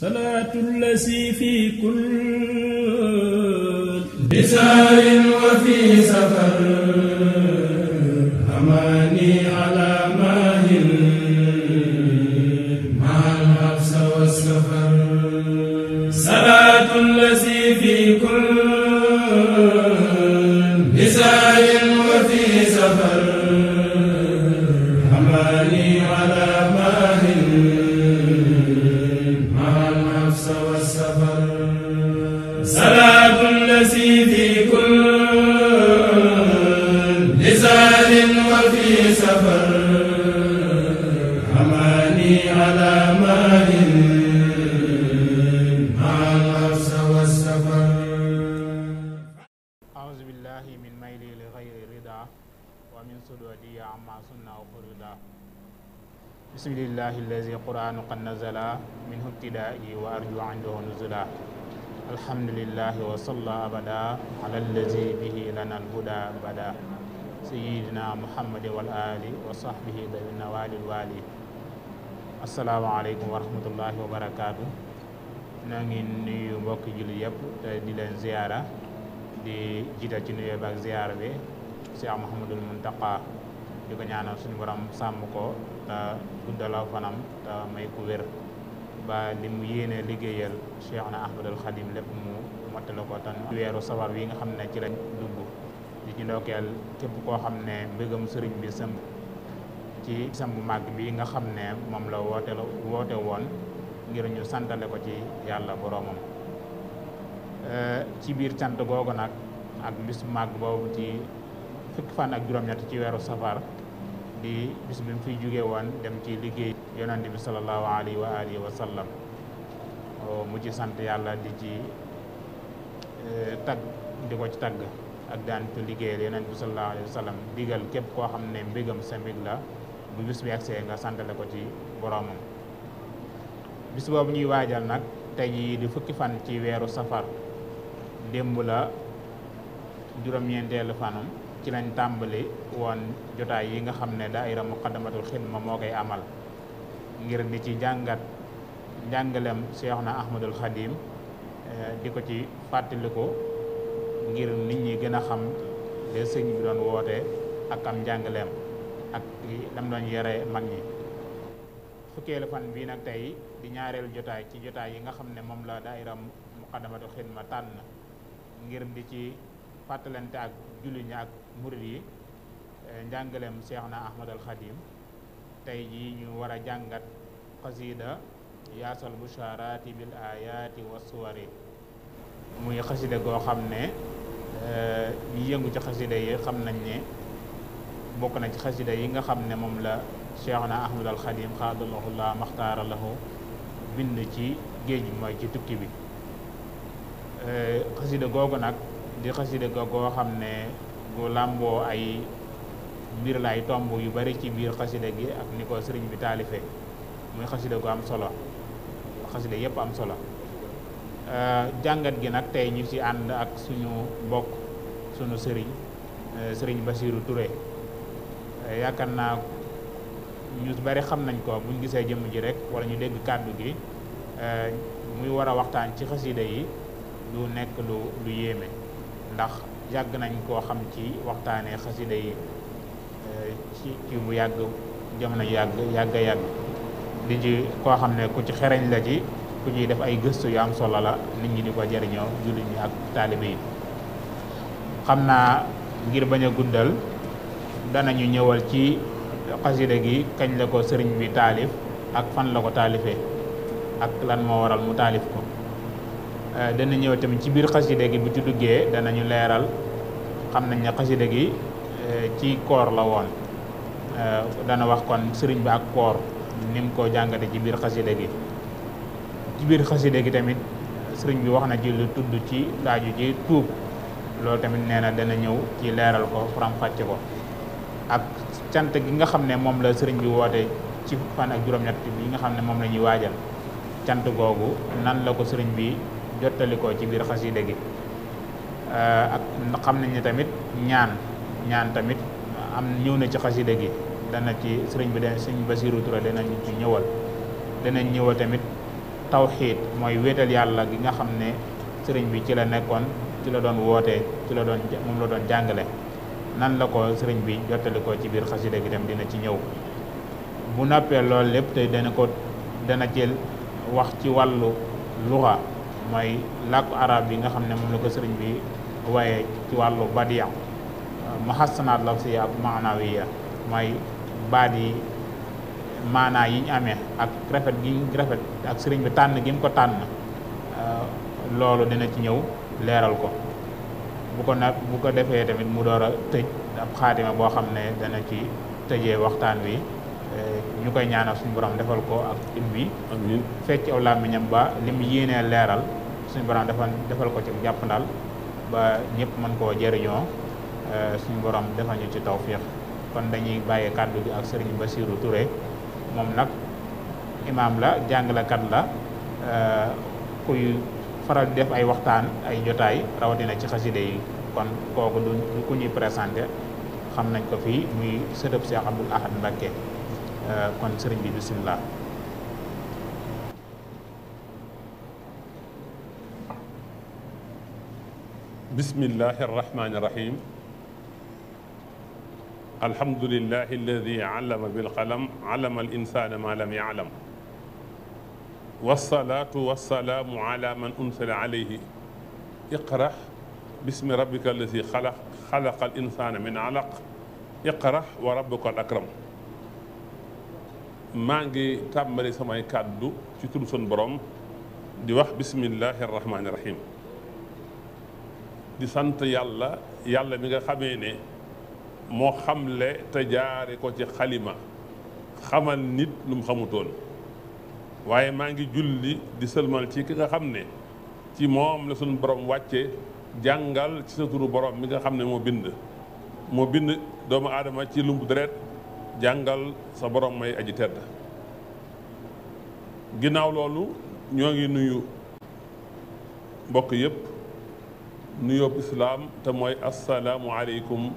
صلاة الذي في كل بسار وفي سفر iqtidaa'i wa arju andahu nuzula alhamdulillahi wa salla abada ala allazi bihi lana alhuda bada sayidina muhammadi wal ali wa sahbihi dawi nawali wali assalaamu aleykum wa rahmatullahi wa barakaatu noo ngi nuyu mbokki jullit yëpp te di leen ziyaara di jiital ci nuyoo ba ak ziyaara bi Cheikh Mouhamadul Muntaqa di ko ñaanal suñu borom sàmm ko te guddaloo fanam te may ku wér ba li mu yéene liggéeyal na Ahmadul Khadim lépp mu mottale ko tan weeru safar wi nga xam ne ci lañ dugg di képp koo xam ne mbëggam sëriñ bi sëmb ci sëmb màgg bi nga xam ne moom la woote la woote woon ngir ñu santale ko ci yàlla boroomam ci biir cant googu nag ak bis màgg boobu ci fukki fan ak juróom-ñett ci weeru safar di bis bi mu fiy jóge woon dem ci liggéey yonante bi sallallahu alayhi alihi wa sallam mu ci sant yàlla di ci e, tagg di ko ci tagg ak daan ko liggéeyal yonante bi sallallahu alayhi wa sallam digal képp koo xam ne mbégam sa mbég la bu bis bi agsee nga santale ko ci boroomam bis boobu ñuy waajal nag tey jii di fukki fan ci weeru safar démb la juróom-ñeenteelu fanum ci lañ tàmbali woon jotaay yi nga xam ne daayira muqaddamatul xidma moo koy amal ngir di ci jàngat njàngalem Seex na Ahmadul Xadim eh, di ko ci fàttaliku ngir nit ñi gën a xam le ak am njàngaleem ak lam doon yore mag ñi fukkeelu bii nag tey di ñaareelu jotaay ci jotaay yi nga xam ne moom la daayira muqaddamatul xidma tànn ngir di ci fàttalante ak julli ak murid yi eh, njàngaleem Seexna Ahmadal Xadim tey jii ñu war a jàngat xasida yaasal busharati bil ayati wa suwari muy xasida goo xam ne eh, yëngu ci xasida yi xam nañ ne bokk na ci xasida yi nga xam ne moom la Seexna Ahmadal Xadim xaadalahu laa maxtaara lahu bind ci géej bi mooy ci tukki bi eh, xasida googu nag di xasida goo xam ne gu làmboo ay mbir lay tomb yu bari ci biir xasida gi ak ni ko sëriñ bi taalifee muy xasida gu am solo xasida yépp am solo jàngat gi nag tey ñu si ànd ak suñu mbokk suñu sëriñ e, sëriñ Basiiru Touré e, yaakaar naa ñu bari xam nañ ko buñ gisee jëmm ji rek wala ñu dégg kàddu gi e, muy war a waxtaan ci xasida yi du nekk lu lu yéeme ndax yàgg nañ koo xam ci waxtaanee xaside yi euh, ci ci yàgg jamono yàgg yàgg yàgg di ci koo xam ne ku ci xereñ la ci ku ciy def ay gëstu yu am solo la nit ñi di ko jëriñoo jullit ñi ak taalibe yi xam naa ngir bañ a guddal dana danañu ñëwal ci xasida gi kañ la ko sëriñ bi taalif ak fan la ko taalifee ak lan moo waral mu taalif ko Euh, dana ñëw tamit ci biir xasida gi bu ci duggee danañu leeral xam nañ ne xasida gi euh, ci koor la woon euh, dana wax kon sëriñ bi ak koor ni mu ko jàngate ci biir xasida gi ci biir xasida gi tamit sëriñ bi wax na ci lu tudd ci laaju ci tuub loo tamit nee na dana ñëw ci leeral ko faram ko ak cant gi nga xam ne moom la sëriñ bi woote ci fan ak juróom-ñett bi nga xam ne moom nañuy ñuy waajal cant googu nan la ko sëriñ bi jottalikoo ci biir xasida gi euh, ak xam nañ ne tamit ñaan ñaan tamit am ñëw na ci xasida gi dana ci sëriñ bi dana sëñ Basiru Ture danañ ci ñëwal danañ ñëwal tamit tawxiid mooy wéetal yàlla gi nga xam ne sëriñ bi ci la nekkoon ci la doon wootee ci la doon moom la doon jàngale nan la ko sëriñ bi jottali ko ci biir xasida gi dem dina ci ñëw bu noppee loolu lépp tey dana ko dana jël wax ci wàllu luxa mooy làkku arab yi nga xam ne moom la ko sëriñ bi waaye ci wàllu badiyam muhassanaat lafziya ak maanawiya mooy baat yi maanaa yi ñu amee ak rafet gi rafet ak sëriñ bi tànn gi ko tànn euh, loolu dina ci ñëw leeral ko bu ko nag bu ko defee tamit mu door a tëj ab xaatima boo xam ne dana ci tëje waxtaan wi ñu koy ñaana suñu borom defal ko ak im bi fecc aw làmmiñam ba li mu yéenee leeral suñu borom defal defal ko ci jàpp jàppandal ba ñëpp mën koo jëriñoo euh, suñu borom defal ñu ci tawfiix kon dañuy bàyyi kàddu bi ak sëriñ Bassirou ture moom nag imaam la jàngalekat la euh, kuy faral di def ay waxtaan ay jotaay rawatina ci xaside yi kon kooku du ku ñuy présenté xam nañ ko fii muy sëtëb Cheikh Abdoul Ahad Euh, kon sëriñ bi bisimilah. bismillahi arrahmani irrahim alhamdulilahi alladi allama bilqalam allama alinsana ma lam yaalam walsalaatu walsalaamu ala man unsila alayhi iqrax bismi rabbika alladi xalaq xalaqa al insana min alaq iqrax wa rabbuka al akram maa ngi tàmbali samay kàddu ci turu sun borom di wax bismillahi rahmaani rahim di sant yàlla yàlla mi nga xamee ne moo xamle te jaare ko ci xalima xamal nit lu mu xamutoon waaye maa ngi julli di sëlmal ci ki nga xam ne ci moom la sun borom wàcce jàngal ci sa turu borom mi nga xam ne moo bind moo bind doomu aadama ci lumbu deret jàngal sa borom may aji tedd ginnaaw loolu ñoo ngi nuyu mbokk yëpp nuyoob islaam te mooy asalaamu aleykum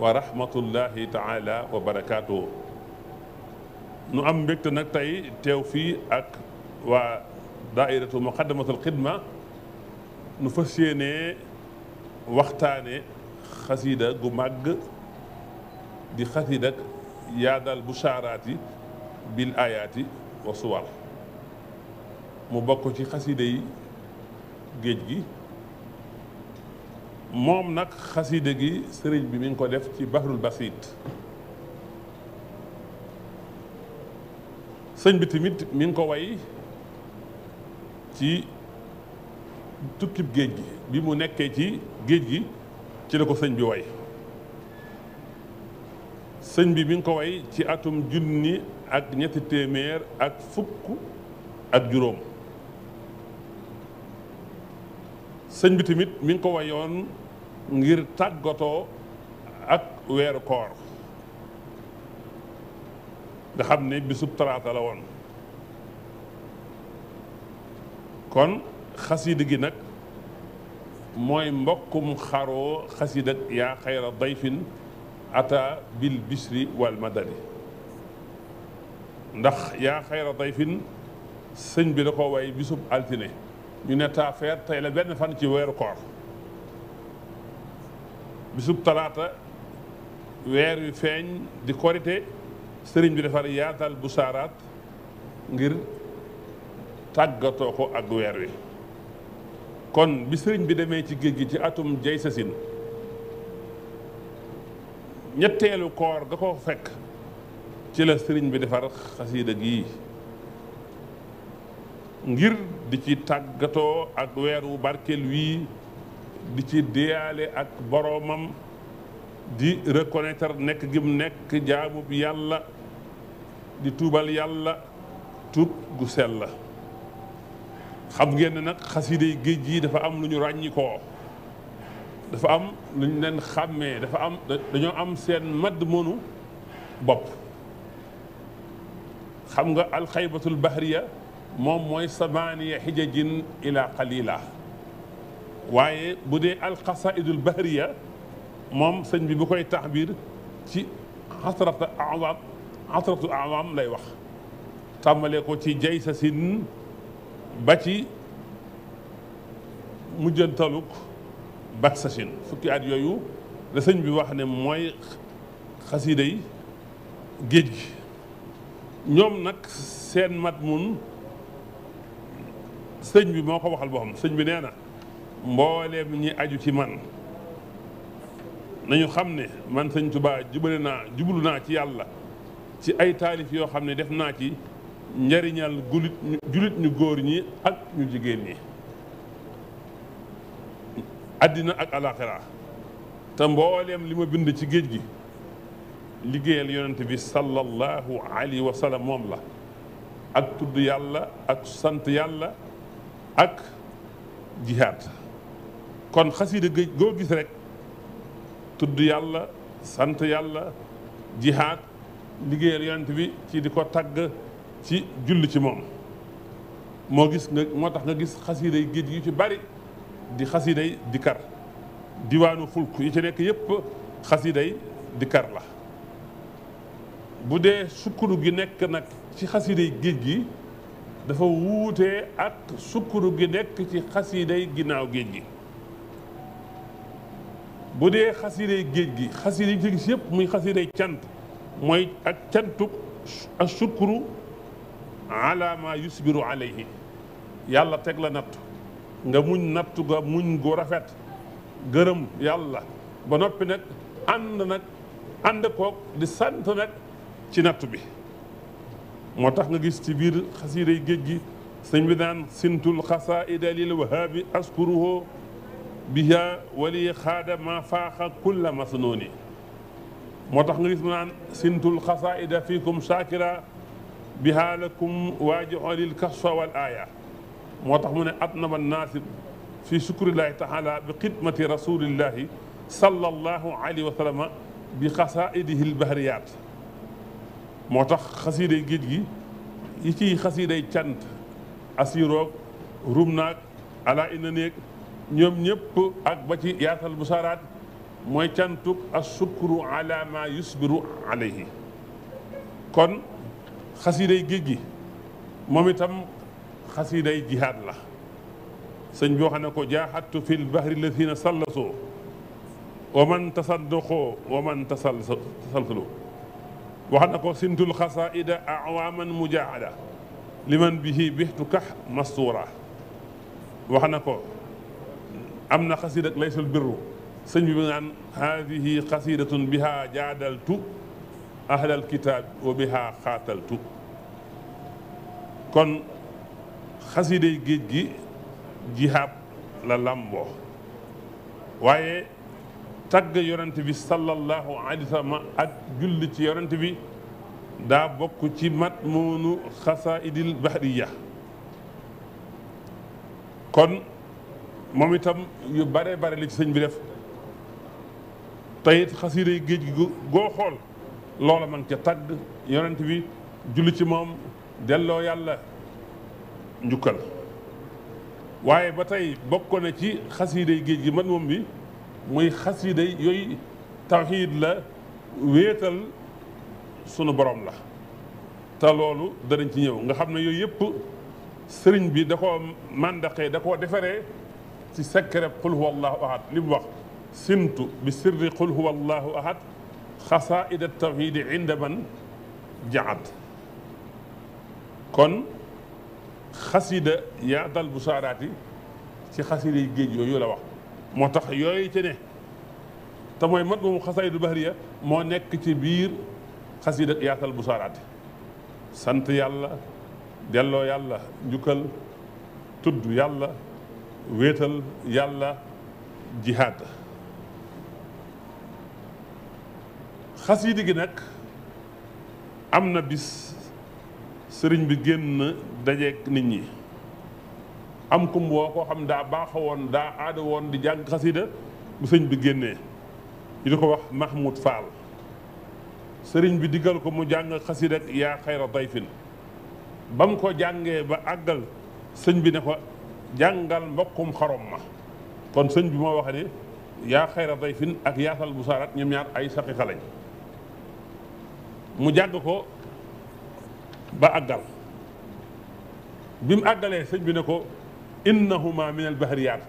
wa rahmatullahi taala wa barakaatu. nu am mbégte nag tey teew fii ak waa daairatu muqaddamatul xidma nu fas yéenee waxtaane xasiida gu màgg di xasiida yaadal bushaaraati bil ayaati wa suwar mu bokk ci xasida yi géej gi moom nag xasida gi sëriñ bi mi ngi ko def ci bahrul basit sëñ bi tamit mi ngi ko way ci tukkib géej gi bi mu nekkee ci géej gi ci la ko sëñ bi way sëñ bi bi nga ko way ci atum junni ak ñetti téeméer ak fukk ak juróom sëñ bi tamit mi ngi ko wayoon ngir tàggatoo ak weeru koor nga xam ne bisub talaata la woon kon xasida gi nag mooy mbokkum xaroo xasida yaa xayra dayfin ata bil bishri wal madadi ndax yaa xayra dayfin sëñ bi da ko way bisub altine ñu ne taafeer tey la benn fan ci weeru koor bisub talaata weer wi feeñ di korite sëriñ bi defar yaatal bu saaraat ngir tàggatoo ko ak weer wi kon bi sëriñ bi demee ci géej gi ci atum jay sasin ñetteelu koor ga ko fekk ci la sëriñ bi defar xasiida gi ngir di ci tàggatoo ak weer wu barkeel wii di ci deyaale ak boroomam di reconnaître nekk gi mu nekk jaamub yàlla di tuubal yàlla tut gu sell la xam ngeen nag xasiiday géej gi dafa am lu ñu ràññikoo dafa am lu ñu leen xàmmee dafa am dañoo am seen madd mënu bopp xam nga alxaybatul bahriya moom mooy samaaniya xijajin ila qalila waaye bu dee alxasaidul bahriya moom sëñ bi bu koy taxbir ci xasrata awaam xasratu lay wax tàmbalee ko ci jaysasin ba ci mujjantaluk baksashin fukki at yooyu la sëñ bi wax ne mooy xasiida yi géej gi ñoom nag seen mat mun sëñ bi moo ko waxal boppam sëñ bi nee na mbooleem ñi aju ci man nañu xam ne man sëñ Tuubaa jubale naa jublu naa ci yàlla ci ay taalif yoo xam ne def naa ci njariñal gulit julit ñu góor ñi ak ñu jigéen ñi àddina ak alaxira te mbooleem li ma bind ci géej gi liggéeyal yonent bi sallallahu alayhi wa sallam moom la ak tudd yàlla ak sant yàlla ak jihaad kon xasida géej goo gis rek tudd yàlla sant yàlla jihaad liggéeyal yonent bi ci di ko tagg ci julli ci moom moo gis nga moo tax nga gis xasiday géej gi ci bari di xasiday di kar diwaanu fulk yi ci nekk yëpp xasiday di kar la bu dee sukkuru gi nekk nag ci xasiday géej gi dafa wuutee ak sukkuru gi nekk ci xasiday ginnaaw géej gi bu dee xasiday géej gi xasida yi ci gis yëpp muy xasiday cant mooy ak cantuk ak sukkuru ala ma yusbiru alayhi yàlla teg la natt nga muñ nattu ga muñ gu rafet gërëm yàlla ba noppi nag ànd nag ànd di sant ci nattu bi moo tax nga gis ci biir xasiiday géej gi sëñ bi naan sintul xasaida lil wahaabi askuruhu biha wali xaada ma faaxa kulla masnooni moo tax nga gis mu naan sintul xasaida fiikum shakira biha lakum waaji olil kasfa wal moo tax mu ne at na ma naasib fi sukurillahi taala bi xidmati rasulillahi sallallahu alayhi wa sallam bi xasaidihi lbahriyat moo tax xasiiday géej gi yi ciy xasiiday cant asiroog rum naag ala ina néeg ñoom ñëpp ak ba ci yaatal bu saaraat mooy cantuk assukru ala ma yusbiru alayhi kon xasiiday géej gi moom itam xasiiday jihaad la sëñ bi wax na ko jaaxattu fi lbahri lazina sallasoo wa man tasaddaqoo wa man tasalsaloo wax na ko sintul xasaaida awaaman mujaahada liman bihi bixtu kax mastuura wax na ko am na xasiid ak laysul birru sëñ bi naan haadihi xasiidatun bihaa jaadaltu ahlal kitaab wa bihaa xaataltu kon xasiday géej gi jihaab la làmboo waaye tagg yonent bi sallallahu alayhi wa sallam ak julli ci yonent bi daa bokk ci mat moonu xasaaidil bahriya kon moom itam yu bare bare li ci sëñ bi def teyit xasiday géej gi goo xool loola man ca tagg yonent bi julli ci moom delloo yàlla njukkal waaye ba tey bokk na ci xasiiday géej gi man moom bi muy xasiiday yooyu tawxiid la wéetal sunu borom la te loolu danañ ci ñëw nga xam ne yooyu yëpp sëriñ bi da koo dakoo da koo defaree ci secret qul huwa allahu ahad li mu wax sintu bi sirri qul huwa allahu ahad xasaida tawxidi inda man jaat kon xasida yaatal bu saaraati ci xasida yi géej yooyu la wax moo tax yooy ci ne te mooy mat moomu xasaydu bahriya moo nekk ci biir xasida yaatal bu saaraati sant yàlla delloo yàlla njukkal tudd yàlla wéetal yàlla jihaad xasida gi nag am na bis sëriñ bi génn dajeek nit ñi am kum woo koo xam daa baaxa daa aada woon di jàng xasida bu sëñ bi génnee ñu di ko wax Mahmoud Fall sëriñ bi diggal ko mu jàng xasida ak yaa xayra dayfin ba mu ko jàngee ba àggal sëñ bi ne ko jàngal mbokkum xarom ma kon sëñ bi moo wax ne yaa xayra dayfin ak yaasal bu saarat ñoom ñaar ay saqiqa lañ mu jàng ko ba àggal bi mu àggalee sëñ bi ne ko innahuma min al bahriyaat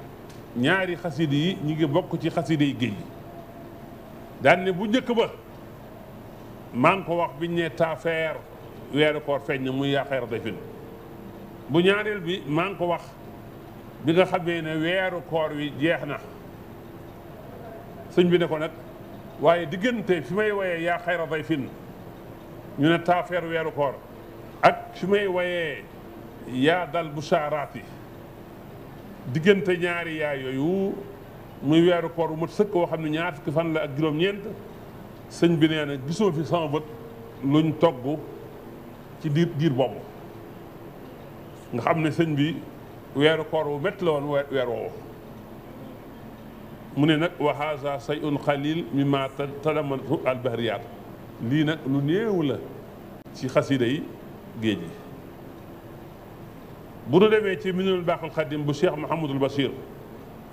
ñaari xaside yi ñu ngi bokk ci xaside yi géej gi daan ne bu njëkk ba maa ngi ko wax biñ ne taafeer feeñ na muy yaaxeer dafin bu ñaareel bi maa ngi ko wax bi nga xamee ne weeru koor wi jeex na sëñ bi ne ko nag waaye diggante fi may woyee yaa xayra dayfin ñu ne taafeer weeru koor ak si may wayee yaa dal bu saaraati diggante ñaari yaay yooyu muy weeru koor bu mat sëkk woo xam ne ñaar fukki fan la ak juróom-ñeent sëñ bi nee na gisoo fi sama bët luñ togg ci diir diir boobu nga xam ne sëñ bi weeru koor bu métti la woon weer woowu mu ne nag wa haza sayun xalil mimma tadamatu albahriyat lii nag lu néew la ci xasida yi géej gi bu nu demee ci minul baaxul xadim bu cheikh Mouhamadul Bachir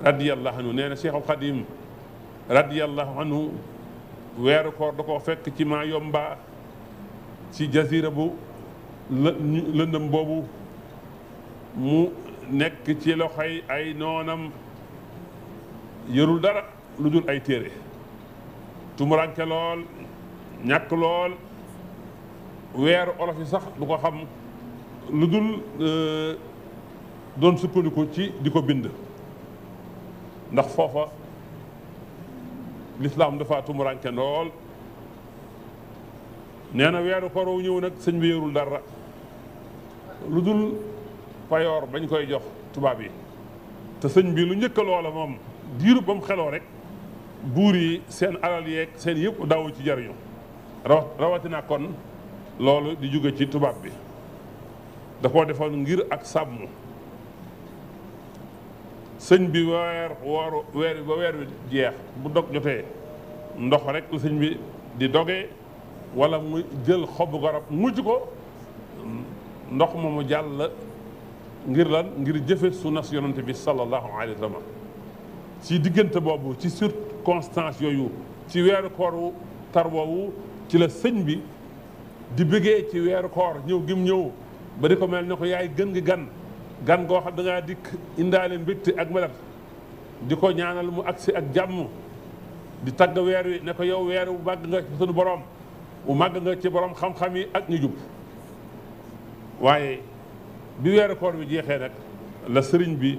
radiyallahu anhu nee na cheikhul xadim radiyallahu anhu weeru koor da koo fekk ci ma yomba ci jazira bu lëndëm boobu mu nekk ci loxoy ay noonam yorul dara lu dul ay téere tumuranke lool ñàkk lool weeru olof yi sax du ko xam lu dul euh, doon sukkandiku ci di ko bind ndax foofa lislaam dafa tumuranke lool nee na weeru koor wu ñëw nag sëñ bi yorul dara lu dul payoor bañ koy jox tubaab yi te sëñ bi lu njëkk loola moom diiru ba xeloo rek buur yi seen alal yeeg seen yëpp daawu ci jariñu rawatina kon loolu di jóge ci tubaab bi dafoo koo defoon ngir ak sàmm sëñ bi weer wooru weer bi ba weer bi jeex bu dog jotee ndox rek la sëñ bi di dogee walla mu jël xobu garab mujj ko ndox moomu jàll ngir la ngir jëfe su yonent bi sallallahu alayhi wa sallam ci diggante boobu ci circonstance yooyu ci weeru kooru tar woowu ci la sëñ bi di bëggee ci weeru koor ñëw gim ñëw ba di ko mel ne ko yaay gën gi gan gan goo xam da ngaa dikk indaale mbégte ak melat di ko ñaanal mu agsi ak jàmm di tagg weer wi ne ko yow weer wu màgg nga ci sunu borom wu màgg nga ci borom xam-xam yi ak ñu jub waaye bi weeru koor jeexee nag la sëriñ bi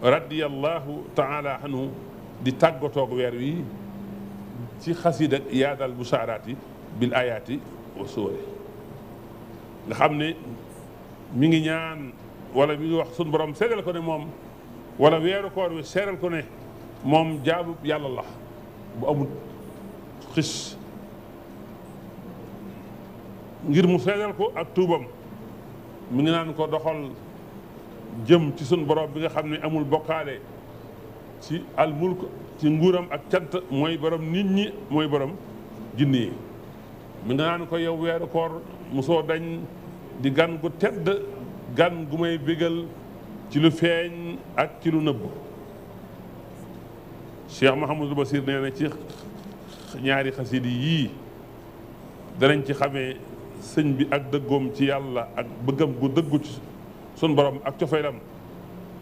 radiyallahu taala anhu di tàggatoog weer wi ci xasiid ak yaadal busaaraat yi bil ayaat yi wa suuri nga xam ne mi ngi ñaan walla mi ngi wax suñu borom seeral ko ne moom wala weeru koor wi seeral ko ne moom jaamu yàlla la bu amul xis ngir mu seeral ko ak tuubam mi ngi naan ko doxal jëm ci suñu borom bi nga xam ne amul bokkaale ci al mulk ci nguuram ak cant mooy borom nit ñi mooy borom jinne yi mi naan ko yow weeru koor mosoo dañ di gan gu tedd gan gu may bégal ci lu feeñ ak ci lu nëbb Cheikh Mouhamadou Basir nee na ci ñaari xasidi yii darañ ci xamee sëñ bi ak dëggoom ci yàlla ak bëggam gu dëggu ci sun borom ak cofeelam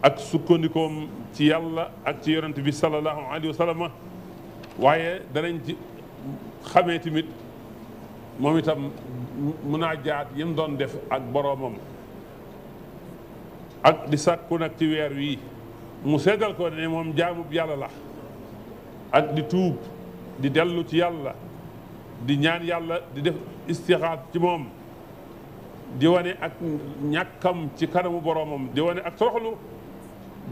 ak sukkandikoom ci yàlla ak ci yonent bi sallallahu alayhi wa sallam waaye danañ ci xamee tamit moom itam munaajaat yi mu doon def ak boroomam ak di sàkku nag ci weer wii mu seetal ko ne moom jaamub yàlla la ak di tuub di dellu ci yàlla di ñaan yàlla di def istixaat ci moom di wane ak ñàkkam ci kanamu boroomam di wane ak toroxlu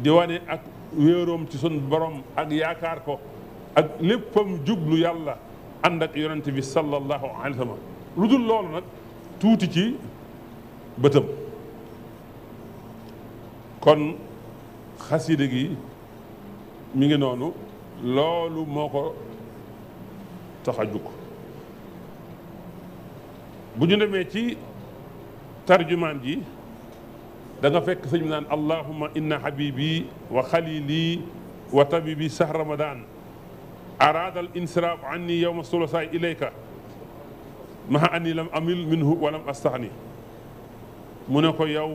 di wane ak wéeroom ci sun boroom ak yaakaar ko ak léppam jublu yàlla ànd ak yonent bi sallallahu alayhi wa sallam lu dul loolu nag tuuti ci bëtëm kon xasida gi mi ngi noonu loolu moo ko tax bu ñu demee ci tarjumaan ji da nga fekk sëñ bi naan allahuma inna habibi wa xalili wa tabibi sahr ramadan araada al insiraaf anni yowma sulasaay ilayka maha anni lam amil minhu walam astaxni mu ne ko yow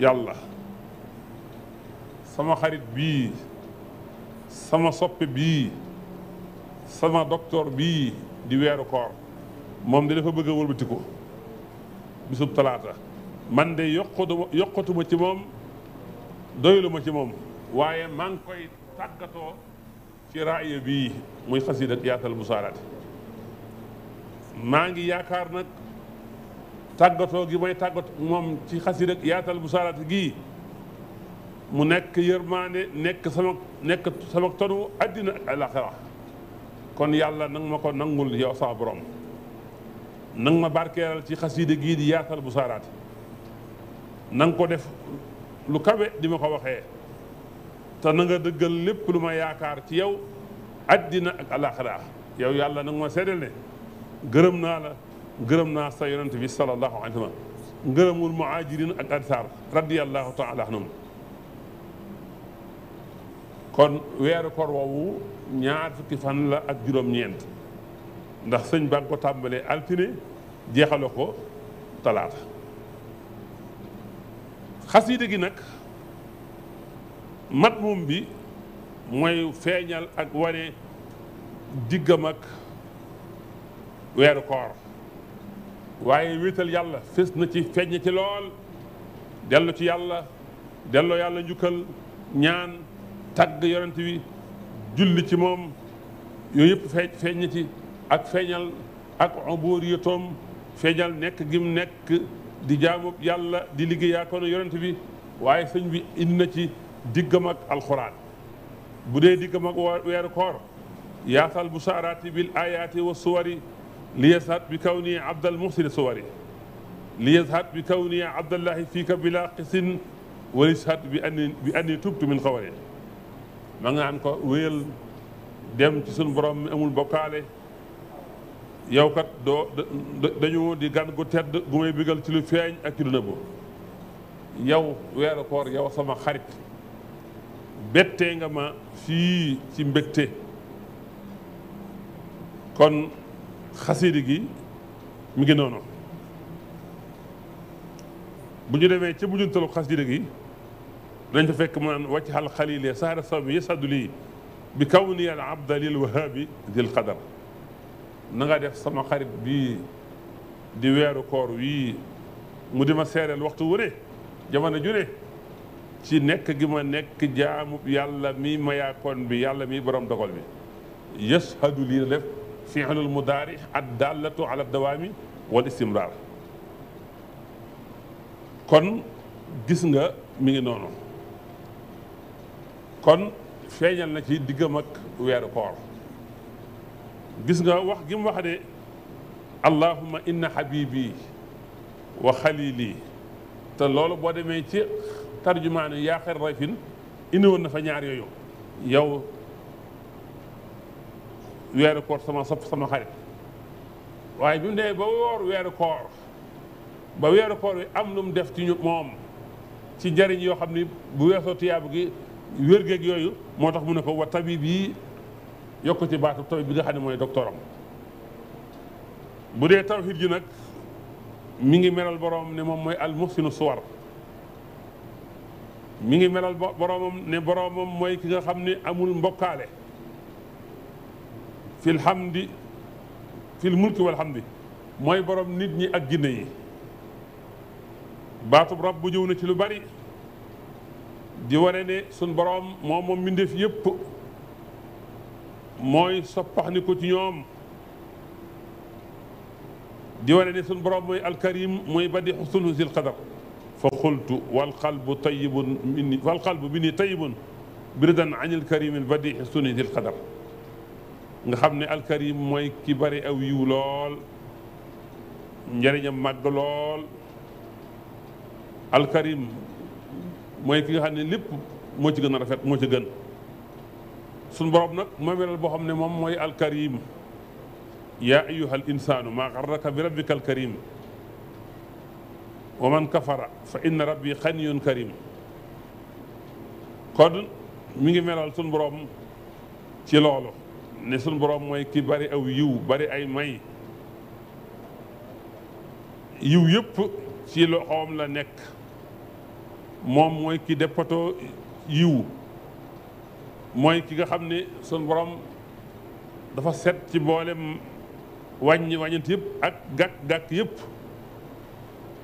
yàlla sama xarit bii sama soppe bii sama docteur bii di weeru koor moom de dafa bëgg a wëlbati ko bisub talaata man de yokkutuma yokkutuma ci moom doylu ma ci moom waaye maa ngi koy tàggatoo ci raaya bii muy xasida ak yaatal musaaraati maa ngi yaakaar nag tàggatoo gi may tàggat moom ci xasida ak yaatal musaaraati gii mu nekk yërmaande nekk sama nekk sama tonu addina ak alaxira kon yàlla nang ma ko nangul yow sax borom nang ma barkeeral ci xasida gii di yaatal musaaraati nang ko def lu kawe di ma ko waxee te na nga dëggal lépp lu ma yaakaar ci yow addina ak alaxira yow yàlla na nga ma seedal ne gërëm naa la gërëm naa sa yonent bi sallallahu alayhi wa sallam ngërëmul muhajirin ak ansaar radiyallahu taala anhum kon weeru koor woowu ñaar fukki fan la ak juróom-ñeent ndax sëñ ba nga ko tàmbalee altine jeexale ko talaata xasida gi nag matmuum bi mooy feeñal ak wane diggam ak weeru koor waaye wéetal yàlla fés na ci feeñ ci lool dellu ci yàlla delloo yàlla njukkal ñaan tagg yonent wi julli ci moom yooyu yëpp feeñ ci ak feeñal ak ubuuriyatoom feeñal nekk gim nekk di jaamu yàlla di liggéeyaa kon yonent bi waaye sëñ bi indi na ci diggam ak alxuraan bu dee diggam ak weeru koor yaasal bushaaraati bil ayaati wa suwari li yazhat bi kaw nii abdal muhsin suwari li yazhat bi kaw wa yazhat bi anni tubtu min xawari ma nga ko wéyal dem ci suñu borom mi amul bokkaale yow kat doo dañu di gan gu tedd gu may bégal ci lu feeñ ak ci lu nëbbu yow weeru koor xarit bettee nga ma fii ci mbégte kon xasidi gi mu ngi noonu bu ñu demee ca mujjantalu xasida gi dañ fa fekk mu naan wàcc xal xalile saara sabi yasadu lii bi kaw ni al abda lil wahabi dil qadar def sama xarit bii di weeru koor wii mu di ma seereel waxtu wu ne jamono ju ne ci nekk gi ma nekk jaamub yàlla mi mayaakoon bi yàlla mi borom dogal bi yashhadu lii def fi'lul mudaari ad-dallatu ala wal istimraar kon gis nga mi ngi noonu kon feeñal na ci diggam ak weeru koor gis nga wax gi wax de allahumma inna habibi wa xalili te loolu boo demee ci tarjumaanu yaa xer fin indi woon na fa ñaar yooyu yow weeru koor sama sopp sama xarit waaye bi mu nee ba woor weeru koor ba weeru koor wi am lu mu def ci ñu moom ci njariñ yoo xam ni bu weesoo tiyaabu gi wér-géeg yooyu moo tax mun ne ko wa tabib yi yokk ci baatu tabib bi nga xam ne mooy doctoram bu dee tawxiid ji nag mi ngi meral boroom ne moom mooy al muhsinu suwar mi ngi melal boroomam ne boroomam mooy ki nga xam ne amul mbokkaale fil hamdi fil mulki wal hamdi mooy boroom nit ñi ak jinne yi baatub rab bu jëw na ci lu bari di wane ne suñ boroom moom moom mbindeef yépp mooy soppax ni ko ci ñoom di wane ne suñ boroom mooy alkarim mooy badi xusunu zil qadar fa xultu wal qalbu tayyibun minni wal qalbu minni tayyibun birdan an alkarim albadixi suni dil qadar nga xam ne alkarim mooy ki bari aw yiw lool njëriñam màgg lool alkarim mooy ki nga xam ne lépp moo ci gën a rafet moo ci gën suñu borom nag moomelal boo xam ne moom mooy alkarim yaa ayuha al insaanu maa garraka bi rabbika alkarim wa man kafara fa inna rabbi xaniyun karim kon mi ngi melal suñ boroom ci loolu ne suñ boroom mooy ki bari aw yiw bari ay may yiw yëpp ci loxoom la nekk moom mooy ki deppatoo yiw mooy ki nga xam ni suñ boroom dafa set ci mboolem wàññi wàññant yëpp ak gàkk-gàkk yëpp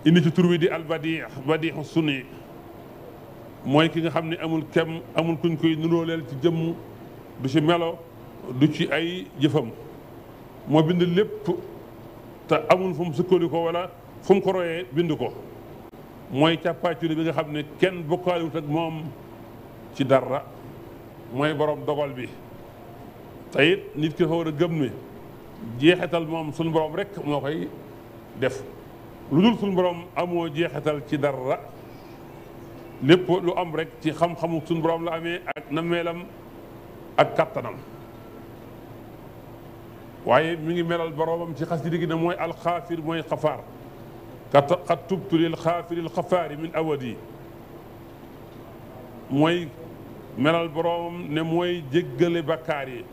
indi ci tur wi di albadix badixu suni mooy ki nga xam ni amul kem amul kuñ koy nuróoleel ci jëmm du ci melo du ci ay jëfam moo bind lépp te amul fum mu ko wala fu mu ko royee bind ko mooy càppaaculi bi nga xam ne kenn bokkaaliwut ak moom ci dara mooy borom dogal bi te nit ki dafa war a gëm ne jeexital moom suñu borom rek moo koy def lu dul suñ borom amoo jeexital ci dara lépp lu am rek ci xam-xamu suñ borom la amee ak nameelam ak kattanam waaye mi ngi melal boromam ci xasida gi ne mooy alxaafir mooy xafaar qad tubtu lil xaafiri l xafaari min awadi mooy melal boromam ne mooy jéggale bakkaar yi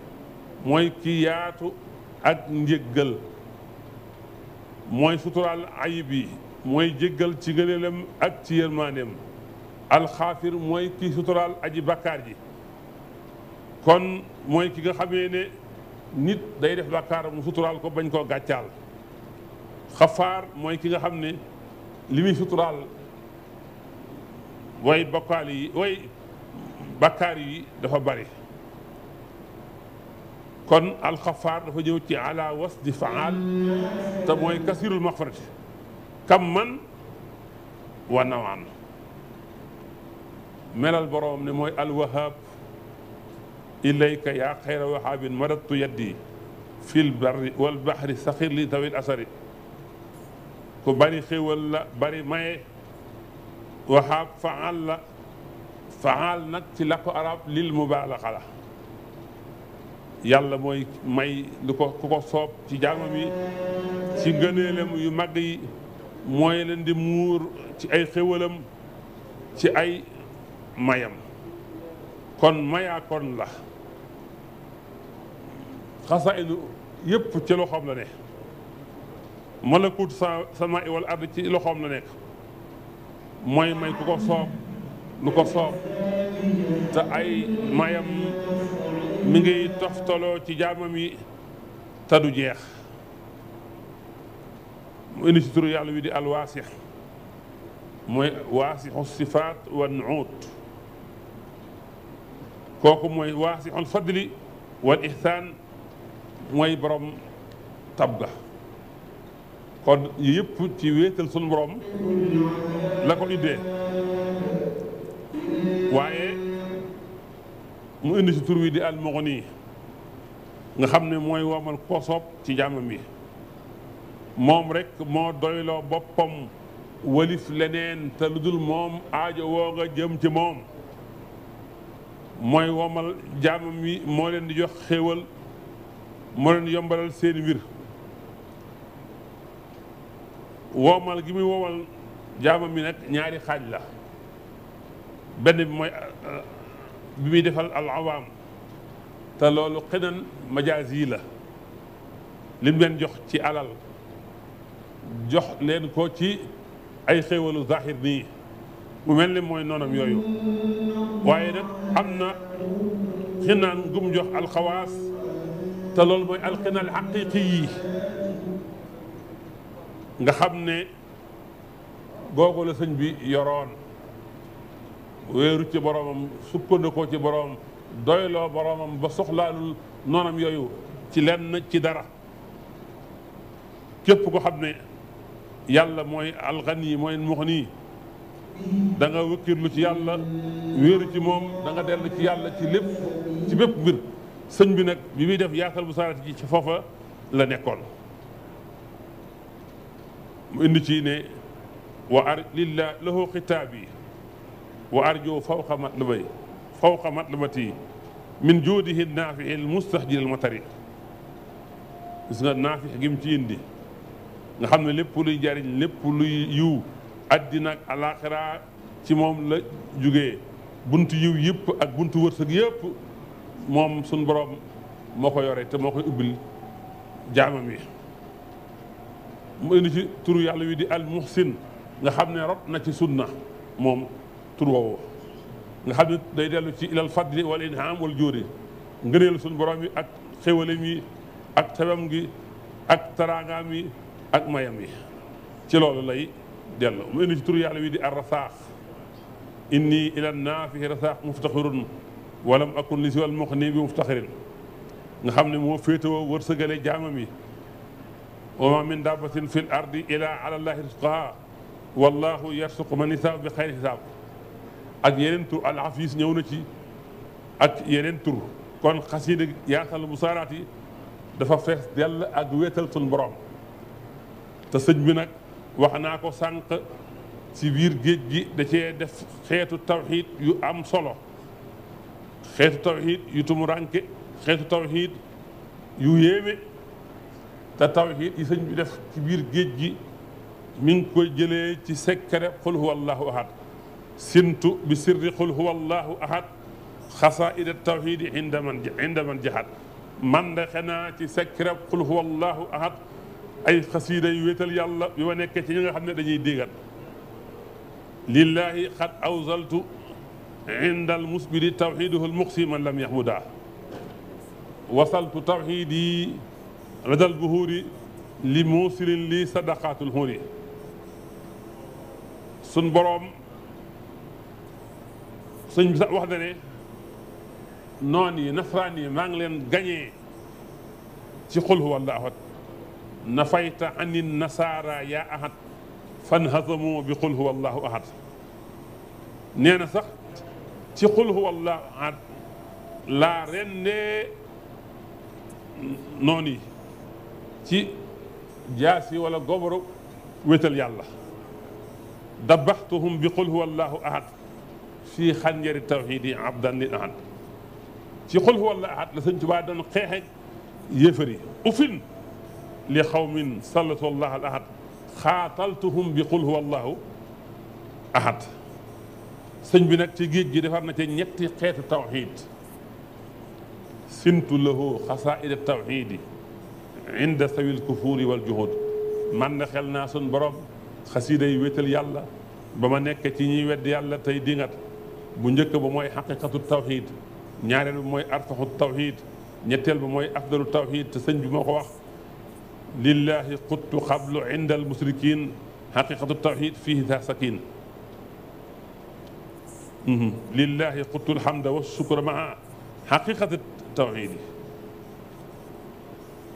mooy ki yaatu ak njéggal mooy suturaal ayib yi mooy jéggal ci ngëneelam ak ci yërmandeem alxaafir mooy ki suturaal aji bakkaar ji kon mooy ki nga xamee ne nit day def bàkkaar mu suturaal ko bañ koo gàccaal xafaar mooy ki nga xam ne li muy suturaal way bokkaal yi way yi dafa bari kon alxafaar dafa ñëw ci ala was di faal te mooy kasirul maxfarati kam man wa nawaan melal boroom ne mooy alwahaab ilayka yaa xayra wahaabin madattu yaddi fil barri wal baxri saxir li dawil asari ku bari xéwal la bari maye wahaab faal la faal nag ci làkku arab lil mubaalaxa la yàlla mooy may lu ko ko soob ci jaamam yi ci ngëneelam yu mag yi mooy leen di muur ci ay xéwalam ci ay mayam kon mayaa kon la xasaayidu yëpp ci loxoom la ne sa samaa wal ard ci loxoom la nekk mooy may ku ko soob lu ko soob te ay mayam mi ngi toftaloo ci jaamam yi tadu jeex mu indi turu yàlla wi di alwaasix mooy waasixu sifaat wa nuut kooku mooy waasixul fadli wal ihsaan mooy borom tabga kon yëpp ci wéetal sunu borom la ko iddee waaye mu indi ci tur wi di almughni nga xam ne mooy womal ko ci jàmmam yi moom rek moo doyloo boppam walif leneen te lu dul moom aajo woo jëm ci moom mooy womal jaamam yi moo leen di jox xéewal moo leen yombalal seen mbir woomal gi muy woomal jaamam yi nag ñaari xaaj la benn bi mooy bi muy defal al awam te loolu xinan majaas yi la lim leen jox ci alal jox leen ko ci ay xéewalu zahir nii mu mel ni mooy noonam yooyu waaye am na xinaan gum jox alxawaas te loolu mooy alxinaan xaqiqi yi nga xam ne googu la sëñ bi yoroon wéeru ci boromam sukkandikoo ci boromam doyloo boroomam ba soxlaalul noonam yooyu ci lenn ci dara képp ko xam ne yàlla mooy alxani mooy muxni da nga wëkkirlu ci yàlla wéeru ci moom danga dellu ci yàlla ci lépp ci bépp mbir sëñ bi nag bi muy def yaatal bu saarati ci foofa la nekkoon mu indi ci ne wa ar lillah lahu xitaab wa arjo fawqa matlabati fawqa matlabati min juudihi naafihi almustahjil almatari gis nga naafix gi mu ci indi nga xam ne lépp luy jariñ lépp luy yiw addina ak ci moom la jugee bunt yiw yëpp ak buntu wërsëg yépp moom suñ borom moo ko yore te moo koy ubbil jaamam yi mu indi ci turu yàlla wi di al muhsin nga xam ne rot na ci sunna moom tur woowu nga xam ne day dellu ci ilal fadli wal inham wal juuri ngëneelu suñu borom yi ak xéwalam yi ak tawam gi ak taraangaam yi ak mayam yi ci loolu lay dellu mu indi ci tur yàlla wi di ar rasaax inni ilan naafihi rasaax muftaxirun walam akun li si wal muxni bi muftaxirin nga xam ne moo féetewoo wërsëgale jaamam yi wa ma min dabatin fi l ardi ila ala llahi risqaha wallahu yarsuqu man yashaa bi xayri hisaab ak yeneen tur al afis ñëw na ci ak yeneen tur kon xasida yaatal bu saaraat dafa fees dell ak wéetal suñ borom te sëñ bi nag wax naa ko sànq ci biir géej gi da cee def xeetu tawxiid yu am solo xeetu tawxiid yu tumuranke xeetu tawxiid yu yéeme te tawxiid yi sëñ bi def ci biir géej gi mi koy jëlee ci sekkare qul huwa allahu ahad sintu bi sirri qul huwa allahu ahad xasaida tawxidi inda man inda man jahad man de xanaa ci secret qul huwa allahu ahad ay xasiida yu wéetal yàlla yu ma nekk ci ñi nga xam ne dañuy déggal lillahi xad awzaltu inda al musbiri tawxiduhu al muxsi man lam yaxmuda wasaltu tawxidi radal buhuuri li muusilin li sadaqaatul huuri sun boroom sëñ bi sax wax na ne noon yi nasaraan yi maa ngi leen gañee ci xul huwa allahu ahad nafayta anin nasaara yaa ahad fanhazamu bi xul huwa allahu ahad nee na sax ci xul huwa allahu ahad laa rendee noon yi ci jaasi wala gobaru wéetal yàlla dabaxtuhum bi xul huwa allahu ahad fii xanjari tawxiidi abdan lil ahad ci xul huwa la ahad la sëñ Tuubaa doon xeexe yéefar yi ufin li xawmin sallatu allah al ahad xaataltuhum bi xul huwa allahu ahad sëñ bi nag ci géej gi defar na ci ñetti xeetu tawxiid sintu lahu xasaaid tawxiidi inda sawil kufuuri wal juhud man na xel naa sun borom xasiiday wéetal yàlla ba ma nekk ci ñuy wedd yàlla tey dingat bu njëkk ba mooy xaqiqatu tawxid ñaareel ba mooy artaxu tawxid ñetteel ba mooy afdalu tawxid te sëñ bi moo ko wax lillahi xuttu xablu inda al musrikin xaqiqatu tawxid fihi da sakin mhm. lillahi xuttu alhamda wa sukura maa xaqiqatu tawxid yi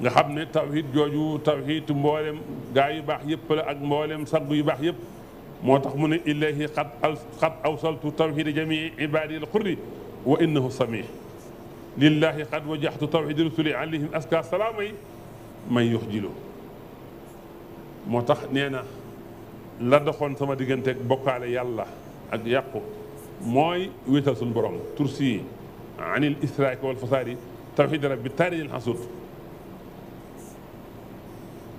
nga xam ne tawxid jooju tawxid mboolem gaa yu baax yëpp la ak mboolem saggu yu baax yëpp moo tax mu ne illahi xat xat awsaltu tawxida jamii ibaadi al xurri wa innahu sami lillahi xat wajaxtu tawxidi rusuli alayhim aska salaamay man yox jilo moo tax nee na la doxoon sama digganteeg bokkaale yàlla ak yàqu mooy wéetal suñu borom tursi anil israaki wal fasaadi tawxid rabbi taaril xasud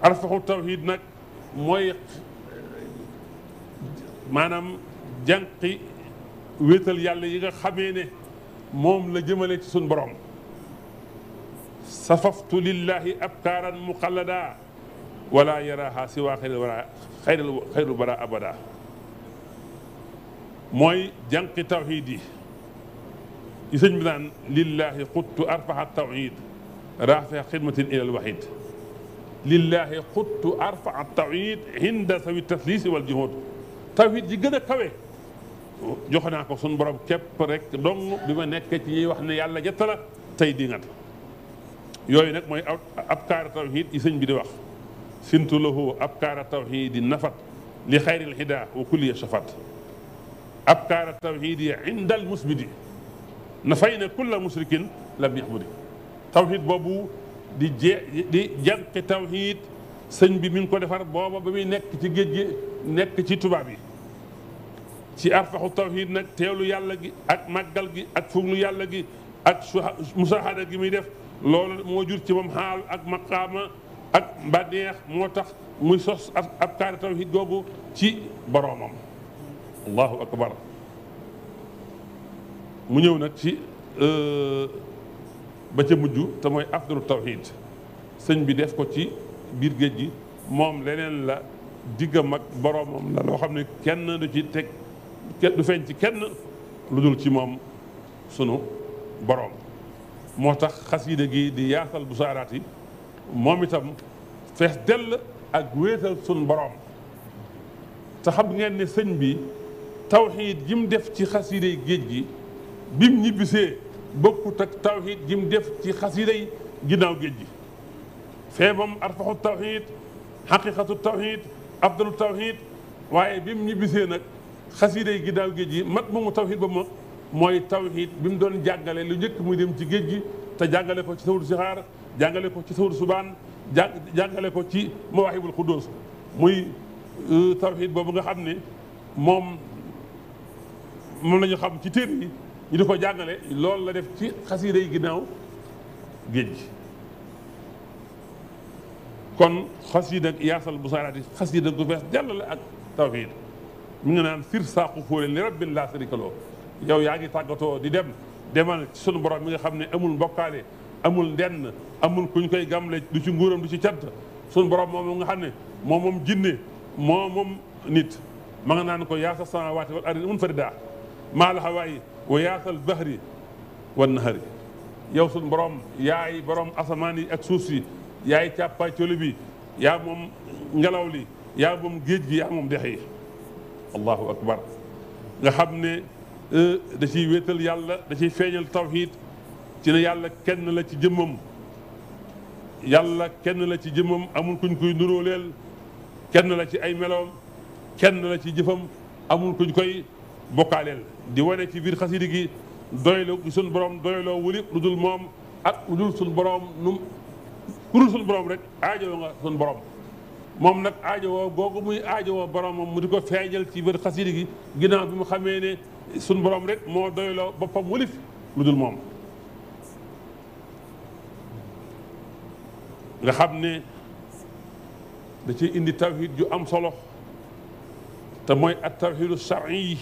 arfaxu tawxid nag mooy maanaam jànqi wéetal yàlla yi nga xamee ne moom la jëmale ci suñ borom safaftu lillahi abkaaran muqallada wala yaraha siwa xayril wara xayril xayrul bara abada mooy jànqi tawxid yi yi sëñ bi naan lillahi xuttu arfaha tawxid raafiha xidmatin ilal waxid lillahi xuttu arfaha tawxid inda sawi taslisi wal juhud tawit yi gën a kawe jox naa ko suñu borom képp rek dong bi ma nekk ci ñuy wax ne yàlla jëtt la tey di ngat yooyu nag mooy ab kaara tawhid yi sëñ bi di wax sintu lahu ab kaara tawhid yi nafat li xayril hida wa kulliya shafat ab kaara tawhid yi indal musbidi na fay ne kulla musrikin lam yahmudi tawhid boobu di je di jànq sëñ bi mi ngi ko defar booba ba muy nekk ci géej gi nekk ci tubaab yi ci arfaxu tawhid nag teelu yàlla gi ak màggal gi ak fuglu yàlla gi ak musahada gi muy def loolu moo jur ci moom xaal ak maqaama ak mbànneex moo tax muy sos ab ab kaari googu ci boroomam allahu akbar mu ñëw nag ci euh, ba ca mujj te mooy afdalu tawhid sëñ bi def ko ci biir géej gi moom leneen la digga mag boroomam la looxam ne kenn ci teg du feeñ ci kenn lu dul ci moom sunu boroom moo tax xasiida gi di yaasal bu saaraat yi moom itam fees dell ak wéetal sunu boroom te xam ngeen ne sëñ bi tawxiid jim def ci xasiiday géej gi bim ñibbisee bokkut ak tawxiid jim def ci xasiiday ginnaaw géej gi fee moom arfaxu tawxiid xaqiqatu tawxiid afdalu tawxiid waaye bim ñibbisee nag xasiida yi ginnaaw géej gi mat moomu tawxiid ba ma mooy tawxiid bi mu doon jàngale lu njëkk muy dem ci géej gi te jàngale ko ci sawru sixaar jàngale ko ci sawru subaan jàngale ko ci mawaahibul xuddoos muy euh, tawxiid boobu nga xam ni moom moom la ñu xam ci téere yi ñu ko jàngale loolu la def ci xasiida yi ginnaaw géej gi kon xasiida yasal bu saaraati xasiida gu fees dell la ak tawxiid mi ngi naan sir saaqu fóole li rabbin laa sarika loo yow yaa ngi tàggatoo di dem demal ci sunu borom mi nga xam ne amul mbokkaale amul ndenn amul kuñ koy gamle du ci nguuram du ci cant sunu borom moom nga xam ne moom moom jinne moo moom nit ma nga naan ko yaasa samaawaati wal ardi munfarida maal hawaayi wa yaasal bahri wan nahari yow sunu borom yaay borom asamaan yi ak suuf si yaay càppaacoli bi yaa moom ngelaw li yaa moom géej gi yaa moom dex allahu akbar nga xam ne euh, da ciy wéetal yàlla da ciy feeñal tawxiid ci ne yàlla kenn la ci jëmmam yàlla kenn la ci jëmmam amul kuñ koy nuróoleel kenn la ci ay meloom kenn la ci jëfam amul kuñ koy bokkaaleel di wane ci biir xasida gi doyloo gi suñ borom doyloo wuli lu dul moom ak lu dul suñ borom num ku dul suñ borom rek aajoo nga suñ borom moom nag aajowoo googu muy aajowoo boromam mu di ko feeñal ci biir xasida gi ginnaaw bi mu xamee ne suñ borom rek moo doyloo boppam wëlif lu dul moom nga xam ne da ciy indi tawhid ju am solo te mooy at tawhidu shar'i yi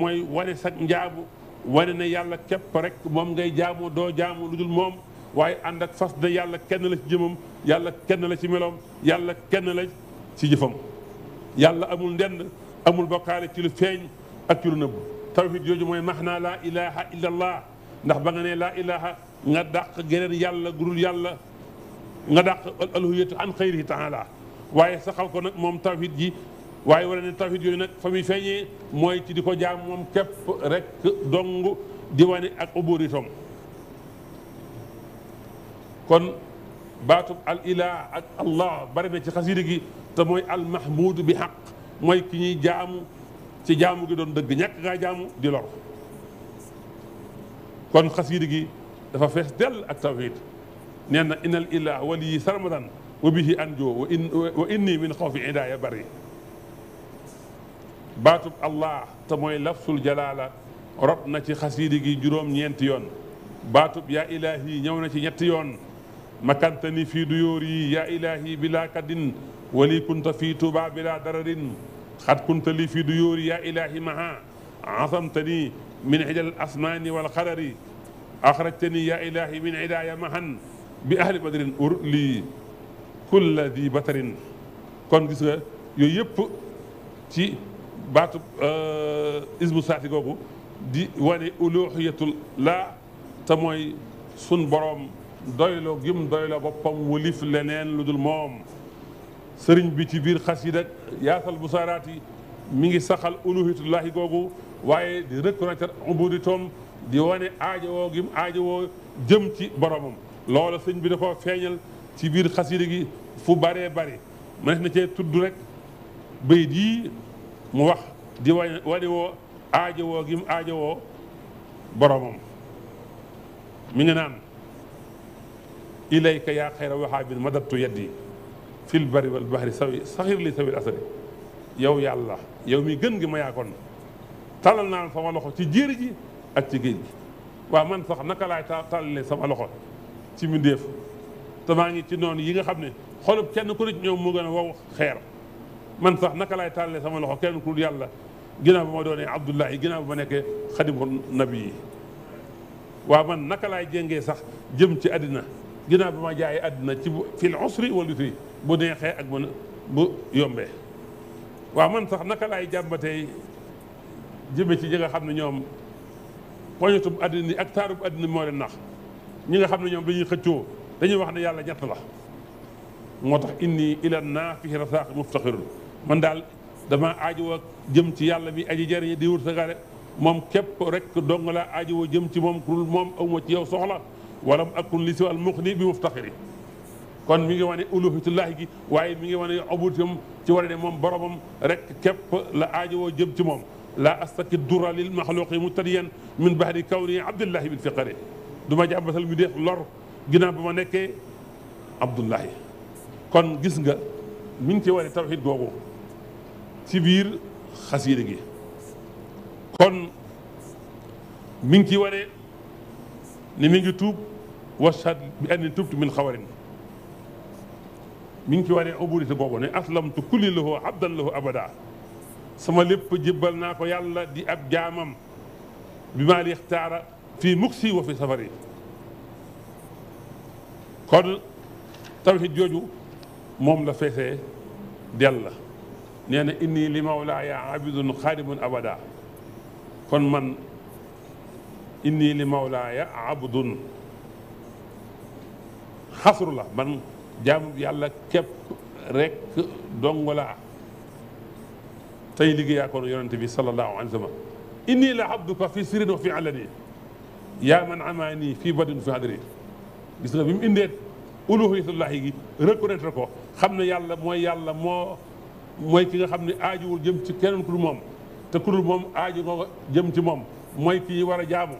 mooy wane sag njaabu wane na yàlla képp rek moom ngay jaamu doo jaamu lu dul moom waaye ànd ak fas de yàlla kenn la ci jëmam yàlla kenn la ci meloom yàlla kenn la ci jëfam yàlla amul ndend amul bokkaale ci lu feeñ ak ci lu nëbb tawhid jooju mooy max naa laa ilaha illa allah ndax ba nga ne laa ilaha nga dàq geneen yàlla gudul yàlla nga dàq alhuyatu an xayrihi taala waaye saxal ko nag moom tawhid ji waaye wala ne tawhid yooyu nag fa muy feeñee mooy ci di ko jaam moom képp rek dong di wane ak uburitom kon baatub al allah bari ci xasida gi te mooy al bi xaq mooy ki ñuy jaamu ci jaamu gi doon dëgg ñàkk ngaa jaamu di lor kon xasida gi dafa fees dell ak tawhid nee na inal ilah wali sarmadan wa bihi anjo wa inni min xawfi idaaya bari baatub allah te mooy lafsul jalaala rot na ci xasida gi juróom-ñeenti yoon baatub yaa ilahi ñëw na ci ñetti yoon makantani fii duyoori yaa ilahi bila kadin wali kunta fii tuuba bila dararin xat kunta li fii duyoori yaa ilahi maha asamtani min xijal asmaani wal xarari axrajtani yaa ilahi min idaaya mahan bi ahli badrin ur lii kulla di batarin kon gis nga yooyu yëpp ci baatu euh, isbu saati googu di wane uluhiyatul laa te mooy sun boroom doyloo gim doyloo boppam wëlif leneen lu dul moom sëriñ bi ci biir xasida yaasal bu saaraat yi mi ngi saxal uluhitullahi googu waaye di reconnaître ubuditoom di wane aajowoo gim aajowoo jëm ci boromam loola sëñ bi dafa feeñal ci biir xasida gi fu baree bari mënees na cee tudd rek bayit yii mu wax di wane wane woo aajowoo gim aajowoo boromam mi ngi naan ilayka yaa xayra wahaabin madattu yaddi fil bari wal bahri sawi saxir li sawil asadi yow yàlla yow mi gën gi ma yaakoon talal naa sama loxo ci jéeri ji ak ci géej gi waaw man sax naka laay talalee sama loxo ci mbindéef te maa ngi ci noon yi nga xam ne xolub kenn ku ne ci ñoom moo man sax naka laay talalee sama loxo kenn ku dul yàlla ginnaaw bu ma doonee Abdullahi ginnaaw bu ma nekkee xadimu nabi yi man naka laay jéngee sax jëm ci àddina ginnaaw bi ma jaayee àddina ci fil usri wal yusri bu neexee ak bu bu yombee waaw man sax naka laay jàmbatee jëme ci ñi nga xam ne ñoom poñatub àddina ak taarub àddina moo leen nax ñi nga xam ne ñoom dañuy xëccoo dañuy wax ne yàlla ñett la moo tax inni ila naafihi rasaaq muftaxirun man daal dama aajowoo jëm ci yàlla mi aji jariñ di wër sagare moom képp rek dong la aajowoo jëm ci moom kurul moom awma ci yow soxla walam akun li siwal muxni bi muftaxiri kon mi ngi wane uluhiyatullaahi gi waaye mi ngi wane abutam ci wane ne moom boromam rek képp la aajowoo jëm ci moom laa astaki dura lil maxluqi mutadiyan min bahri kawni abdullahi bil fiqari du ma jàmbatal mu deex lor ginnaaw bi ma nekkee abdullahi kon gis nga mi ngi ci wane tawxid googu ci biir xasiida gi kon mi ngi ci wane ni mi ngi tuub wasat bi anni tubtu min xawarin mi ngi ci waree ubudité boobu ne aslamtu kulli lahu abdan lahu abada sama lépp jébbal naa ko yàlla di ab jaamam bi maa li ixtaara fii muksi wa fi safari kon tawxid jooju moom la feesee del la nee na inni li mawlaaya abidun xaadimun abada kon man inni li mawlaaya abdun xasru la man jaamu yàlla képp rekk dong laa tey liggéeyaa koon yonente bi sallallahu alayhi wa sallam inni la abduka fi sirin wa fi alani yaa man amaani fii badin fi hadri gis nga bi mu indee uluhiyatullahi gi reconnaître ko xam ne yàlla mooy yàlla moo mooy ki nga xam ne aajuwul jëm ci keneen ku dul moom te ku dul moom aaju moo jëm ci moom mooy kii war a jaamu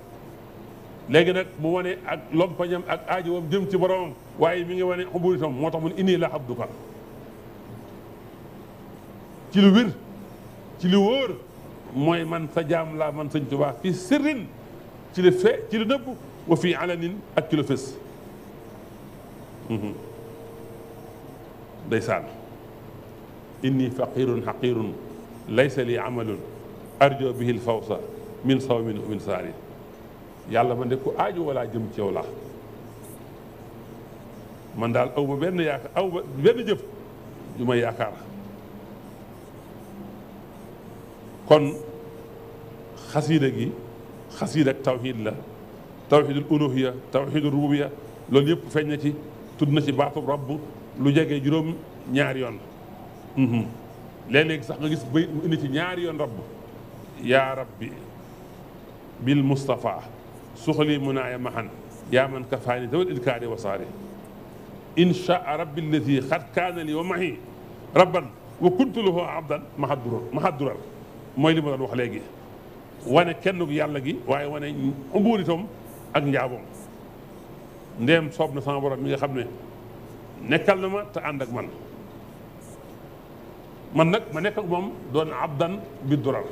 léegi nag mu wane ak lompañam ak aajuwam jëm ci boromam waaye mi ngi wane xuburitam moo tax mu ne inni la abduka ci lu wér ci lu wóor mooy man sa jaam laa man sëñ Tuubaa fi sirrin ci lu fe ci lu wa fii alanin ak ci lu fës mhm. ndeysaan inni faqirun xaqirun laysa li amalun arjo bihi lfawsa min sawmin min saari yàlla man de ku aaju walaa jëm ci la man daal aw ba benn yaakaar aw ba benn jëf ju yaakaar kon xasiida gi xasiida ak tawxiid la tawxiidul uluhiya tawxiidul rububiya loolu yëpp feeñ na ci tudd na ci baatub rabb lu jege juróom ñaar yoon mhm. léeg-léeg sax nga gis bay mu indi ci ñaari yoon rabb yaa rabbi bil Mustafa suxali munaaya maxan yaa man kafaani dawal ilkaari wasaare inchaa rabbi alladi xad kaana li wa mahi rabban wa kuntu lahu abdan mahadura mahaddural mooy li ma doon wax léegi wane kenn yàlla gi waaye wane mbuuritam ak njaaboom ndeem soob na sama borom mi nga xam ne nekkal na ma te ànd ak man man nag ma nekk ak moom doon abdan bi dural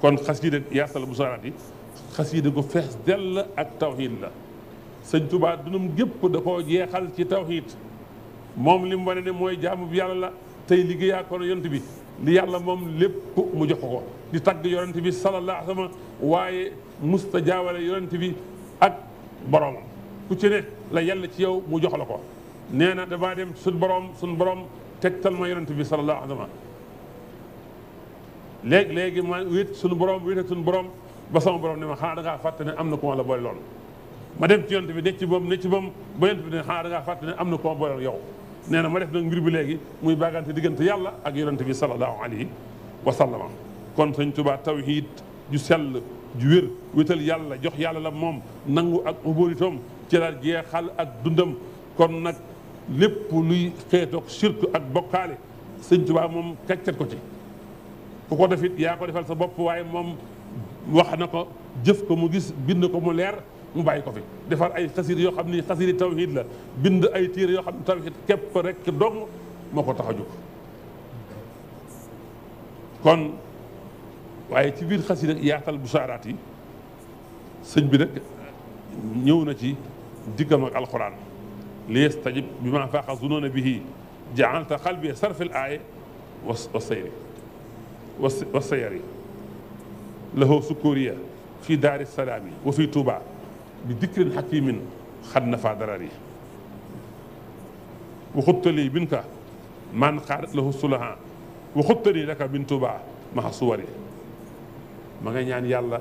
kon xas yi de yaasal bu saaraat yi xasiida gu fees dell ak tawxiid la sëñ Tuubaa dunum gépp da koo jeexal ci tawxiid moom li mu wane mooy jaamu bi la tey liggéeyaa ko yonent bi li yàlla moom lépp mu jox ko di tagg bi sallallahu alayhi wa waaye musta jaawale yonent bi ak boroomam ku ci ne la yàlla ci yow mu jox la ko nee na damaa dem suñ boroom suñ boroom tegtal ma yonent bi sallallahu alayhi wa sallam léegi léegi ma wéet suñu boroom wéet boroom ba sama borom ne ma xanaa da ngaa fàtte ne am na ku ma la boole loon ma dem ci yonent bi ne ci moom ne ci moom ba yonent bi ne xanaa da na ku yow nee na ma def nag mbir bi léegi muy baagante diggante yàlla ak yonent bi sallallahu alayhi wa sallama kon sëñ Tuubaa tawhiid ju sell ju wér wétal yàlla jox yàlla la moom nangu ak ubóoritoom ci la jeexal ak dundam kon nag lépp luy xeetoog shirk ak bokkaale sëñ Tuubaa moom kaccat ko ci ku ko defit yaa ko defal sa bopp waaye moom wax na ko jëf ko mu gis bind ko mu leer mu bàyyi ko fi defar ay xasir yoo xam ni xasiri tawhid la bind ay tiir yoo xam ne tawhid képp ko rek dong moo ko tax a jóg kon waaye ci biir xasida yaatal busaaraat yi sëñ bi nag ñëw na ci diggam ak alquran li yastajib bi ma faaqa zunoona bihi jaalta xalbi sarfil aaye wa lahoo sukkuuriya fii daari salaam yi wa fii Touba bi dikrin xakimin xad na faa darar yi waxuttali bin ka man xaarat lahu sulaha waxuttali laka bin Touba maxa suwari ma nga ñaan yàlla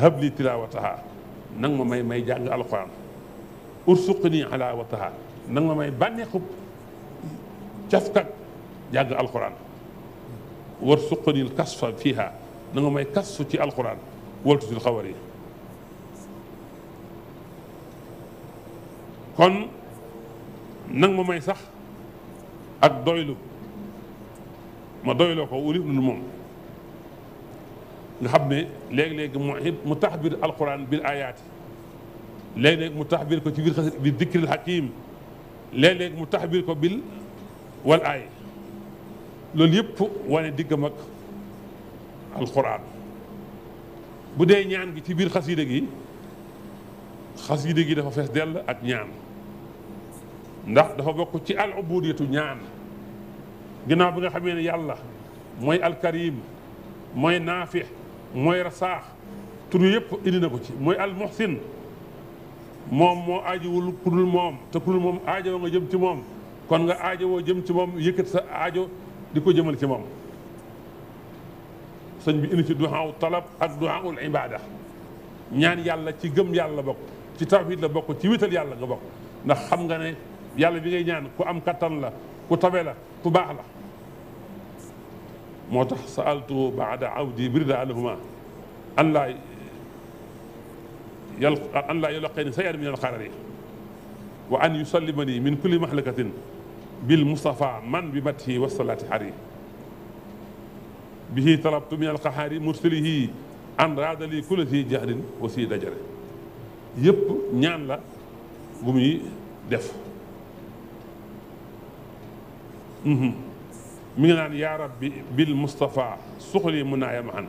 habli tilaawataha nang ma may may jàng alquran ursuqni alaawataha nang ma may bànneexub cafkak jàng alquran warsuqni kasfa fiha na nga may kas su ci alquran waltutul xawar yi kon nang ma may sax ak doylu ma doyloo ko wurib lu moom nga xam ne léegi-léegi mu mu taxbir alquran bil ayaati léegi-léegi mu taxbir ko ci biir xas bi dikril hakim léegi-léegi mu taxbir ko bil wal aay loolu yëpp wane diggam ak alxuraan bu dee ñaan gi ci biir xasiida gi xasiida gi dafa fees dell ak ñaan ndax dafa bokk ci al ubudiyatu ñaan ginnaaw bi nga xamee ne yàlla mooy alkarim mooy naafi mooy rasaax tur yëpp indi na ko ci mooy almuhsin moom moo aajowul ku dul moom te ku moom aajowoo nga jëm ci moom kon nga aajowoo jëm ci moom yëkkat sa aajo di ko jëmal ci moom sëñ bi indi ci duhaaw talab ak duhaawul ibaada ñaan yàlla ci gëm yàlla bokk ci tawhid la bokk ci wétal yàlla nga bokk ndax xam nga ne yàlla bi ngay ñaan ku am kattan la ku tabe la ku baax la moo tax saaltu baada awdi birda lahuma an laa yal an laa yulaqini sayar min alxarari wa an yusallimani min kulli mahlakatin bil mustafa man bi matihi wasalaati xari bihi talabtu min alqahaari mursalihi an raadali kula si jahrin aussi dajare yëpp ñaan la bu muy def mhm. mi ngi naan yaa bil Moustapha suxali mun naa yem an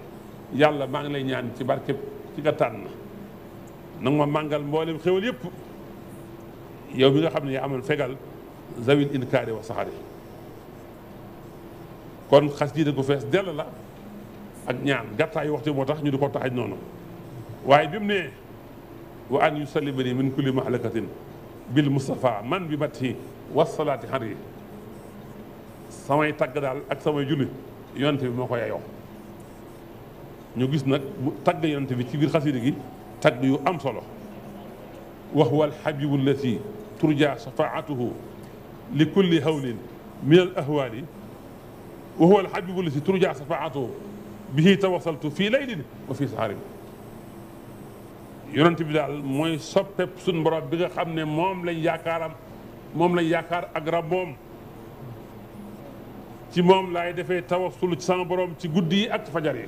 yàlla maa ngi lay ñaan ci barke ci nga tànn na nga ma màngal mboolem xéwal yëpp yow mi nga xam ne yaa amoon fegal zawil inkaari wa saxari kon xas jiite gu fees dell la ak ñaan gàttaay waxtu moo tax ñu di ko taxaj noonu waaye bi mu nee wa an yusallimani min kulli mahlakatin bil Mustafa man bi matti wasalaati xar yi samay tagg daal ak samay julli yonent bi moo ko yeyoo ñu gis nag bu tagg yonent bi ci biir xasida gi tagg yu am solo wax wal xabibu llati turja shafaatuhu li kulli hawlin min al ahwaali wa huwa alhabibu lladi turja safaatuhu bihi tawasaltu fii laylin wa fii saharin yonent bi daal mooy soppeeku suñu borom bi nga xam ne moom lañ yaakaaram moom lañ yaakaar ak raboom ci moom laay defee tawassul ci sama borom ci guddi yi ak ci fajar yi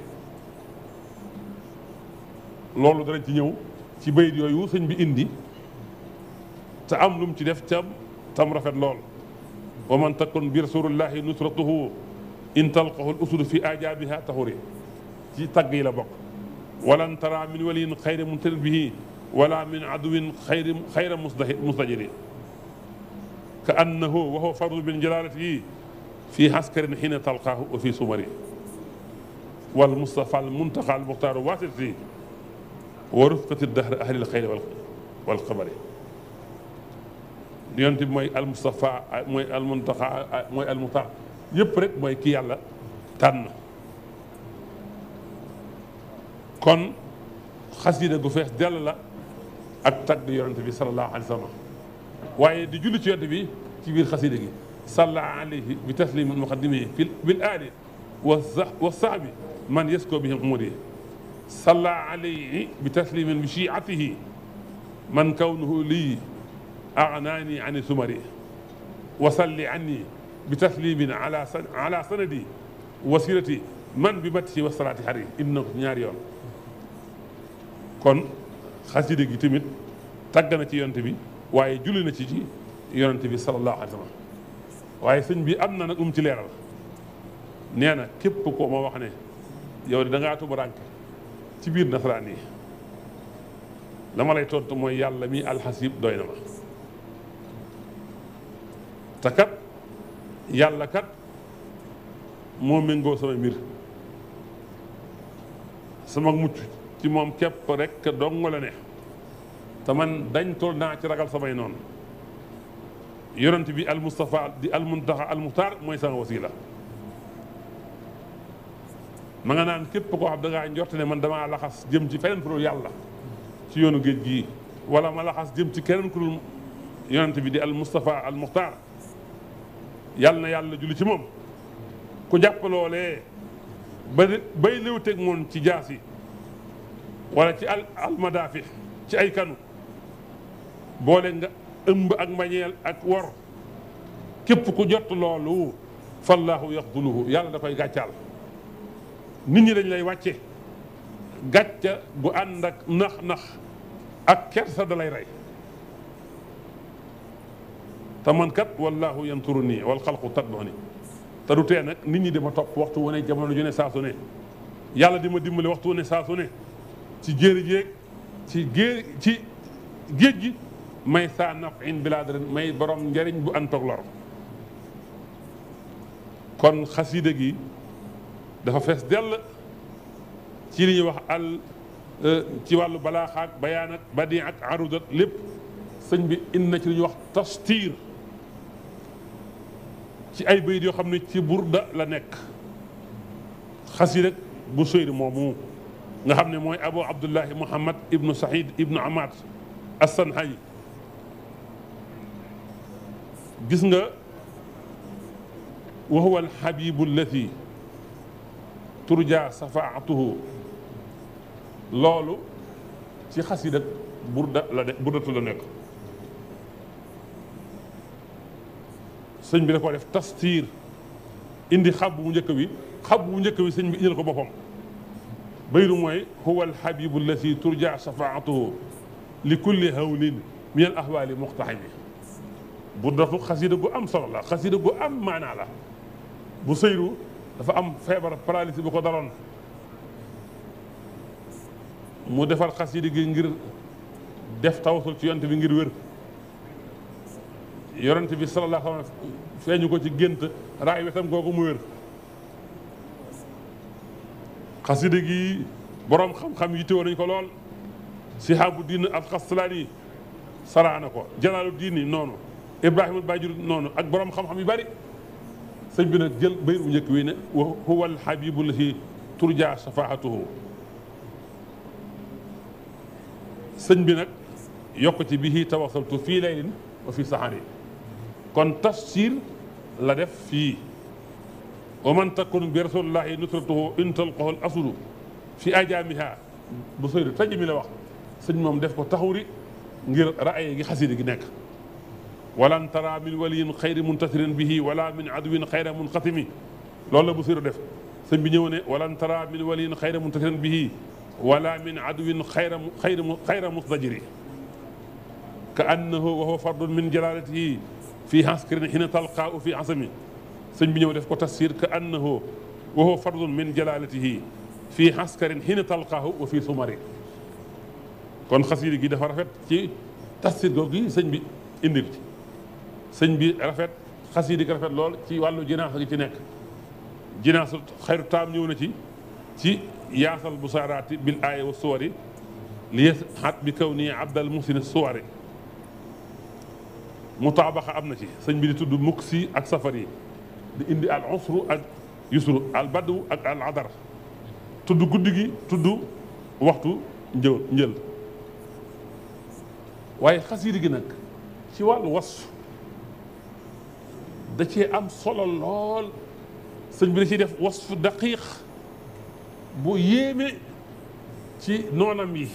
loolu danañ ci ñëw ci bayit yooyu sëñ bi indi te am lum ci def tam tam rafet lool wa man takun bi rasulillahi nusratuhu in talqahu l usulu fi ajaabiha taxuri ci tagg yi la bokk walan tara min waliyin xayra muntarir bihi wala min aduwin xayri xayra musdajiri ka annahu wa huwa fardu min jalalatihi fi askarin xiina talqaahu wa fi sumari wal mustafa al muntaqa al muxtaaru waasiti wa rufqati dahri ahlil xayri wal xabari yonent bi mooy al mustafa mooy al muntaqa mooy al muxtaar yëpp rek mooy ki yàlla tànn kon xasida gu fees dell la ak tagg yonent bi sallallahu alayhi wa sallam waaye di julli ci yonent bi ci biir xasida gi salla alayhi bi taslimi muqaddimihi bil aali wa sahbi man yasko bihim umuri salla alayhi bi taslimin bi shiatihi man kawnuhu lii agnaani ani sumari wa salli anni bi taslimin ala ala sanadi wasirati man bi matti si wasalaati xar yi indi na ñaari yoon kon xasida gi tamit tàgg na ci yonent bi waaye julli na ci ci yonent bi sallallahu alayhi waaye sëñ bi am na nag um ci leeral nee na képp ko ma wax ne yow de da ngaa tubaranke ci biir nasaraan yi la ma lay tontu mooy yàlla mi alxasib doy na ma yàlla kat moo méngoo sama mbir sama mucc ci moom képp rek dong la ne te man dañ tool naa ci ragal samay noonu yonent bi al Mustafa di al Muntaxa al Muxtaar mooy sama wasila ma nga naan képp koo xam da ngaa njort ne man damaa laxas jëm ci feneen ku dul yàlla ci yoonu géej gii wala ma laxas jëm ci keneen ku dul yonent bi di al Mustafa al Muxtaar yal na yàlla julli ci moom ku jàpp loolee ba bay léwteeg moom ci jaas yi wala ci al almadaafi ci ay kanu boole nga ëmb ak mbañeel ak wor képp ku jot loolu fallaahu yaxduluhu yàlla da koy gàccaal nit ñi dañ lay wàcce gàcca bu ànd ak nax-nax ak kersa da lay rey te man kat wallaahu yanturu nii wal xalqu tatboo ni te du tee nag nit ñi dama topp waxtu wane ne jamono ju ne saa yàlla di ma dimbali waxtu wu ne ne ci jéeri jéeg ci géej ci géej gi may saa naf in bilaadrin may borom njariñ bu antoog lor kon xasiida gi dafa fees dell ci li ñuy wax al euh, ci wàllu balaaxaak bayaan ak badii ak arudat lépp sëñ bi indi na ci li ñuy wax tastiir ci ay bayit yoo xam ne ci burda la nekk xasida bu seyri moomu nga xam ne mooy abu abdullahi muhammad ibnu sahid ibnu amat assanhayi gis nga wa huwa alxabibu allati turja safaatuhu loolu ci xasida burda la de burdatu la nekk sëñ bi da koo def tastiir indi xab bu njëkk bi xab bu njëkk bi sëñ bi ko boppam bayru mooy huwa alxabibu allati turja safaatuhu li kulli hawlin min al ahwali muxtaxibi bu dafu xasida gu am solo la xasida gu am maanaa la bu sëyru dafa am feebar paralysie bu ko daloon mu defar xasida gi ngir def tawasul ci yonte bi ngir wér yonent bi sallallahu alayhi wa sallam feeñu ko ci gént raay wetam googu mu wér xasida gi boroom xam-xam yi téwoo nañ ko lool sihaabu diin al xastalaani saraa na ko jalaalu diini noonu ibrahima bajur noonu ak boroom xam-xam yu bari sëñ bi nag jël bayir bu njëkk wi ne wa huwa al habibu lahi turja shafaatuhu sëñ bi nag yokk ci bihi tawasaltu fii laylin wa fii sahari kon tafsir la def fii wa man takun bi rasulillahi nusratuhu in talqahu al asulu fi ajaamiha bu sëyru taj mi la wax sëñ moom def ko taxawri ngir ra'aye gi xasida gi nekk walan tara min waliyin xayri muntasirin bihi wala min aduwin xayra munqatimi loolu la bu sëyru def sëñ bi ñëw ne walan tara min waliyin xayra muntasirin bihi wala min aduwin xayra xayra xayra musdajiri ka annahu wa huwa fardun min jalalatihi fii askarin hina talqaahu fi asami sëñ bi ñëw def ko tafsir ka annahu wa huwa fardun min jalalatihi fii askarin hina talqaahu wa fii sumari kon xasida gi dafa rafet ci tafsir googu yi sëñ bi indil ci sëñ bi rafet xasida gi rafet lool ci wàllu jinaas gi ci nekk jinaasu xayru taam ñëw na ci ci yaasal busaaraati bil aaya wa suwari li yasxat bi kaw nii abdal muhsin suwari mutaabaxa am na ci sëñ bi di tudd muksi ak safar yi indi al usru ak yusru al badu ak al adar tudd guddi gi tudd waxtu njëw njël waaye xasiida gi nag ci wàllu was da ci am solo lool sëñ bi da ciy def wasfu daqiiq bu yéeme ci noonam yi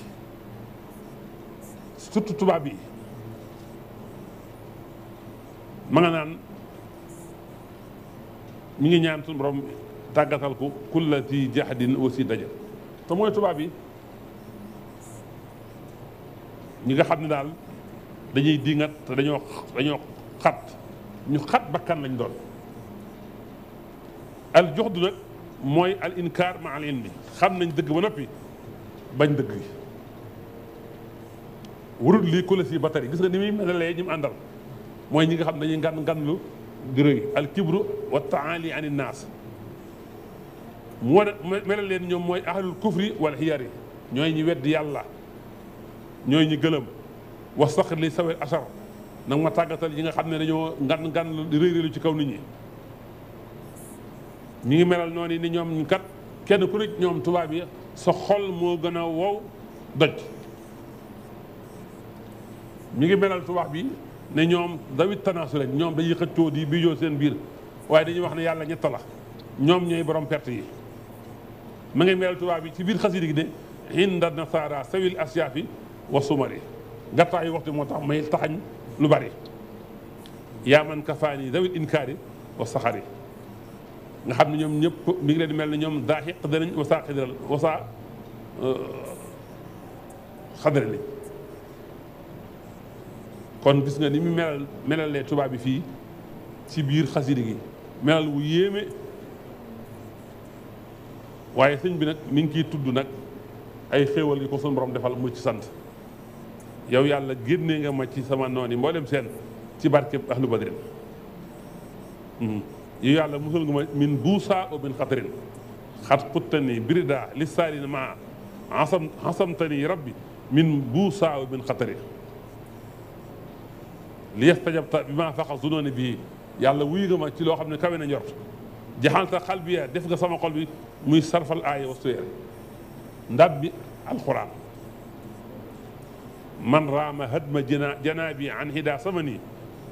surtout tubaab yi ma nga naan mu ngi ñaan suñu borom tàggatal ko kullati jaxdin aussi daja te mooy tubaab yi ñu nga xam ne daal dañuy dingat te dañoo xat ñu xat bakkan lañ doon al joxdu nag mooy al inkaar ma al ilmi xam nañ dëgg ba noppi bañ dëgg gi warul lii ku la batari gis nga ni muy melalee ñu mu àndal mooy ñi nga xam dañuy ngan nganlu di rëy al kibru wa taali ani naas mu melal leen ñoom mooy ahlul kufri wal xiyari ñooy ñi wedd yàlla ñooy ñi gëlëm wa saxir li sawel asar nag ma tàggatal yi nga xam ne dañoo ngan ngan di rëy rëylu ci kaw nit ñi ñi ngi melal noonu ni ñoom ñu kat kenn ku nekk ñoom tubaab yi sa xol moo gën a wow doj mi ngi melal tubaab bi ne ñoom dawit tanaasu ñoom dañuy xëccoo di bii seen biir waaye dañuy wax ne yàlla ñett ñoom ñooy borom perte yi ma ngi mel tubaab bi ci biir xasida gi de hinda nasaara sawil asiyaafi wa sumari gattaayu waxtu moo tax may taxañ lu bari yaa man kafaani dawit inkaari wa saxari nga xam ne ñoom ñëpp mi ngi leen di mel ne ñoom daa xiq danañ wasaa euh, kon gis nga ni mu melal melalee tubaab bi fii ci biir xasida gi melal wu yéeme waaye sëñ bi nag mi ngi ciy tudd nag ay xéewal yi ko sun defal mu ci sant yow yàlla génnee nga ma ci sama noon yi mboolem seen ci barkeb ahlu badrin hmm. yow yàlla musul nga ma min buusa o min xatarin xat xuttani birida li saalin ma asam xasamtani rabbi min buusa o min xatarin li yastajab ta bi ma faqa zunooni bii yàlla wuyu nga ma ci loo xam ne kawe na njort jaxanta xal bi def nga sama xol bi muy sarfal aaya wa suyeer ndab bi alquran man raama hadma jana janaabi an hida sama nii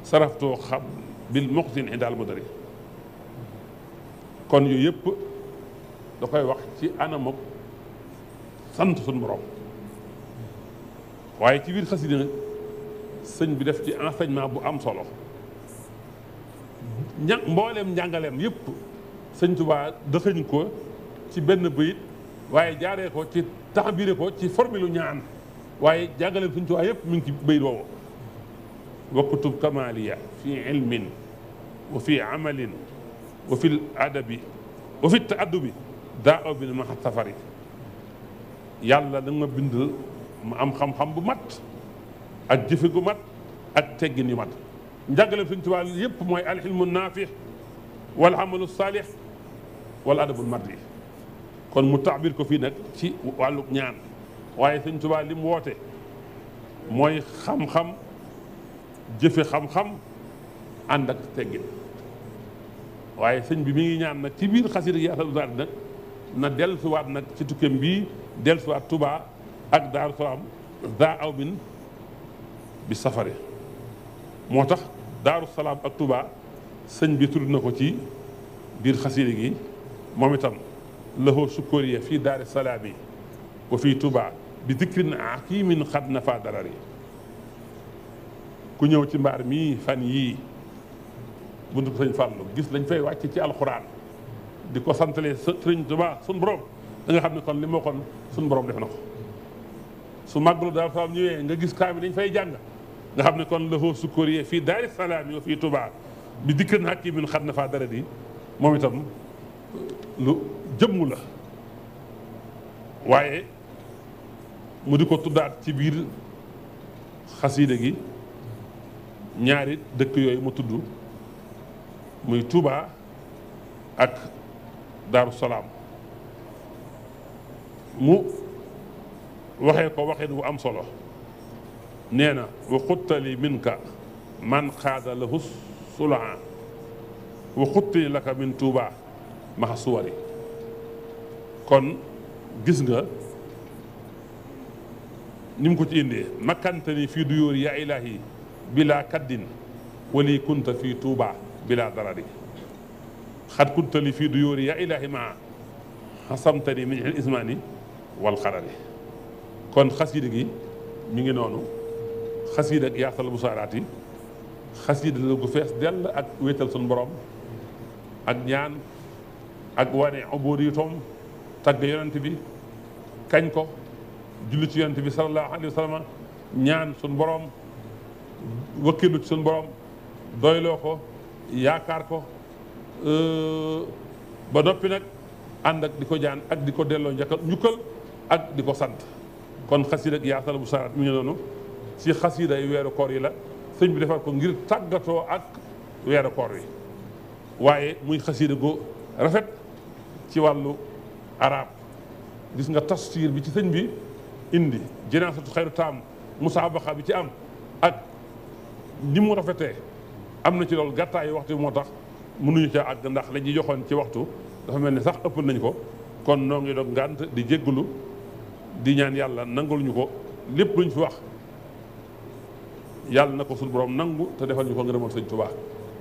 saraftoo xam bil muqsin indaal mudari kon yooyu yëpp da koy wax ci anamuk sant suñu borom waaye ci biir xasida sëñ bi def ci enseignement bu am solo ña mbooleem njàngaleem yëpp sëñ Tuubaa dëxëñ ko ci benn bayit waaye jaaree ko ci taxabire ko ci formule ñaan waaye jàngaleem sëñ Tuubaa yëpp mi ngi ci bayit woowu waqtub kamaliya fi ilmin wa fi amalin wa fi adabi wa fi taaddubi daa o bi ma safari yàlla da ma bind ma am xam-xam bu mat ak jëfe gu mat ak teggin yu mat njàngale Sëriñ Tuubaa yëpp mooy alxilmu naafix wal amalu saalix wal adabul mardi kon mu taabir ko fii nag ci wàllu ñaan waaye Sëriñ Tuubaa li woote mooy xam-xam jëfe xam-xam ànd teggin waaye sëñ bi mi ngi ñaan ci biir xasida yi Yaatal Wasaare nag na dellusiwaat nag ci tukkeem bii dellusiwaat Touba ak Daaru Salaam za aw bin bi safari moo tax daaru salaam ak tubaa sëñ bi tudd na ko ci biir xasida gi moom itam lahoo sukkooriya fii daari salaam yi wa fii tubaa bi dikrin akimin xad na faa darar yi ku ñëw ci mbaar mii fan yii buntu ko sëñ Fàllu gis lañ fay wàcc ci alxuraan di ko santalee sëriñ tubaa suñ borom da xam ne kon li moo kon suñ borom def na ko su màggalu Daaru Salaam ñëwee nga gis kaamil dañ fay jàng nga xam ne kon la foofu sukkooriyee fii daari salaam yoo fii Touba bi dikk na ak kii bi xam na faa dara di moom itam lu jëmm la waaye mu di ko tuddaat ci biir xasiida gi ñaari dëkk yooyu mu tudd muy Touba ak Daaru Salaam mu waxee ko waxee wu am solo nee na wa xuttali minka man xaada lahu sulaa wa xutti laka min tuubaa maxa suwari kon gis nga ni mu ko ci indee makkantani fii duyóor yaa ilaahi bila kaddin wali kunta fii tuubaa bila darari xat kuntali fii duyóor yaa ilaahi maa xasamtani min xil ismaani wal xarari kon xasida gi mi ngi noonu xasiida ak yaatal bu saaraat yi xasiida la gu fees dell ak wéetal suñu boroom ak ñaan ak wane ubudiyatam tagg yonent bi kañ ko julli ci yonent bi sallallahu alayhi wa sallam ñaan suñu boroom wakkilu ci suñu borom doyloo ko yaakaar ko euh, ba noppi nag ànd ak di ko jaan ak di ko delloo njakkal njukkal ak di ko sant kon xasiida ak yaatal bu saaraat mi ci xasida yi weeru koor yi la sëñ bi defar ko ngir tàggatoo ak weeru koor yi waaye muy xasida gu rafet ci wàllu arab gis nga tastir bi ci sëñ bi indi jinaasatu xayru taam musaabaxa bi ci am ak ni mu rafetee am na ci loolu gàttaay waxtu bi moo tax mënuñu ca àgg ndax la ñuy joxoon ci waxtu dafa mel ni sax ëpp nañ ko kon noo ngi doog ngànt di jégglu di ñaan yàlla nangul ko lépp luñ fi wax yàlla na ko suñu borom nangu te defal ñu ko ngërëmal sëñ Tuubaa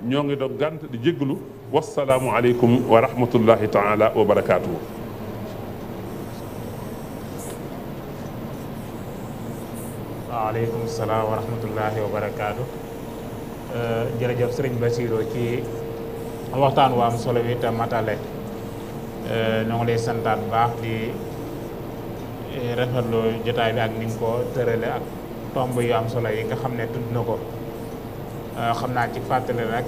ñoo ngi dog gànt di jéggalu salaamu aleykum wa rahmatullahi taala wa barakaatuhu waaleykum salaam wa rahmatullahi wa barakaatu eh, jërëjëf sëriñ Basirou ci waxtaan waam solo wi te matale eh, ñoo ngi lay santaat baax di eh, rafetlu jotaay bi ak ko tërale ak tomb yu am solo yi nga xam ne tudd na ko euh, xam naa ci fàttali rek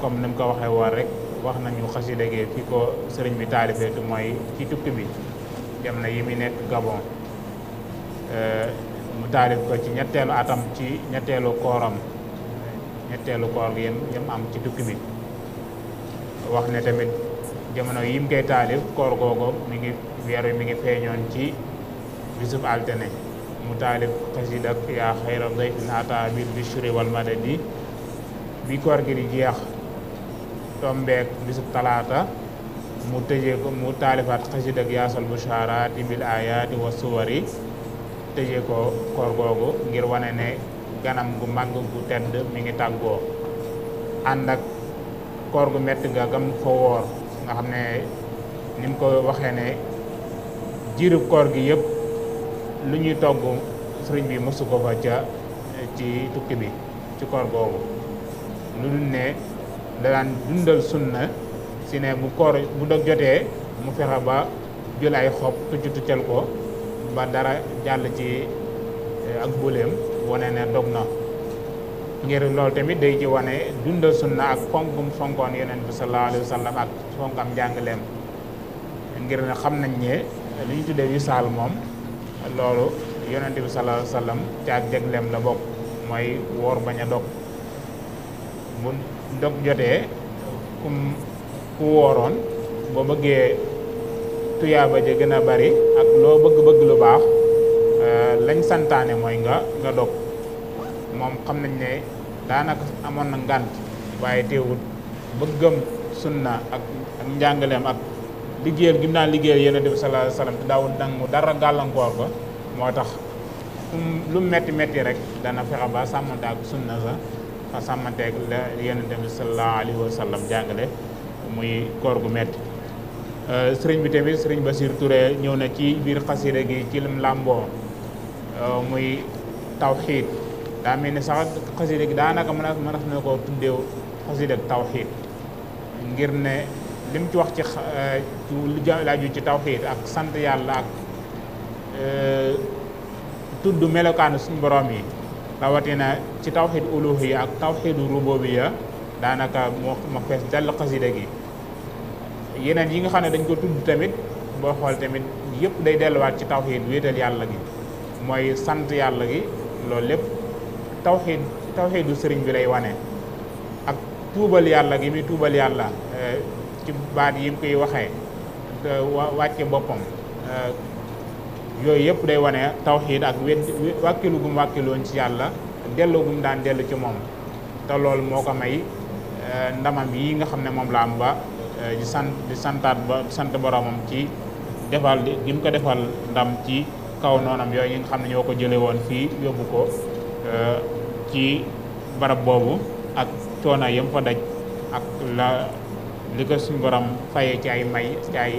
comme ni mu ko waxee woon rek wax nañu xasida gi fi ko sëriñ bi taalifee tu mooy ci tukki bi dem na yi mu nekk euh, mu taalif ko ci ñetteelu atam ci ñetteelu kooram ñetteelu koor gi am ci tukki bi wax tamit jamono yi mu koor googu mi ngi weer mi ngi feeñoon ci bisub altene mu taalif xasida ak yaa xayra dayfin ata bil bishri wal madadi bi koor gi di jeex tombeek bisub talaata mu tëjee ko mu taalifaat xasida ak yaasal bushaaraati bil ayaati wa suwari tëjee ko koor googu ngir wane ne ganam gu màgg gu tedd mi ngi tàggoo ànd ak koor gu mett nga gam ko woor nga xam ne ni mu ko waxee ne jiirub koor gi yëpp lu ñuy togg sëriñ bi mosu ko fa ca eh, ci tukki bi ci koor googu lu dul ne da daan dundal sunna si ne bu koor bu dog jotee mu fexe ba jël ay xob tucc tuccal ko ba dara jàll ci eh, ak buleem wane ne dog na ngir loolu tamit day ci wane dundal sunna ak fonkum fonkoon yeneen bi sallallahu alayhi wa sallam ak fonkam njàngaleem ngir xam nañ ne li ñu tuddee wisaal moom loolu yonente bi sallallahu alayhi wa sallam ci ak la bokk mooy woor bañ a dog bu dog jotee ku wooroon boo bëggee tuyaaba ja gën a bari ak loo bëgg-bëgg lu baax euh, lañ santaane mooy nga nga dog moom xam nañ ne daanaka amoon na ngànt waaye teewut bëggam sunna ak ak njàngaleem ak liggéeyal gim daan liggéeyal yonent bi sallallahu alayhi wa sallam te daawul nangu dara gàllankoor ko moo tax lu metti metti rek dana fexe ba sàmmante ak sunna sa fa sàmmanteeg la yonent bi sallallahu alayhi wa sallam jàngale muy koor gu metti euh, sëriñ bi tamit sëriñ Basiir Touré ñëw na ci biir xasida gi ci lim làmboo euh, muy tawxiid daa mel ni sax xasida gi daanaka mën a mën na tuddeew xasida tawxiid ngir ne lim ci wax ci euh, lu laaju ci tawxiid ak sant yàlla ak euh, tudd melokaanu suñu borom yi rawatina ci tawxiid uluhiyya ak tawxiidu rububiyya daanaka moo ma dal xasida gi yeneen yi nga xam ne dañ ko tudd tamit boo xool tamit yëpp day delluwaat ci tawxiid wéetal yàlla gi mooy sant yàlla gi loolu lépp tawxiid tawxiidu sëriñ bi lay wane ak tuubal yàlla gi muy tuubal yàlla euh, ci baat yi mu waxe waxee wàcce boppam euh, yooyu yëpp day wane tawxiid ak wet wàkkilu gum wàkkiloon ci yàlla delloo gum daan dellu ci moom te lool moo ko may euh, ndamam yi nga xam ne moom la am ba euh, sant santaat ba sant boromam ci defal gi mu ko defal ndam ci kaw noonam yooyu yi nga xam ne ñoo ko jële woon fii yóbbu ko ci barab boobu ak coono yam fa daj ak la li ko suñu borom fayee ci ay may ci ay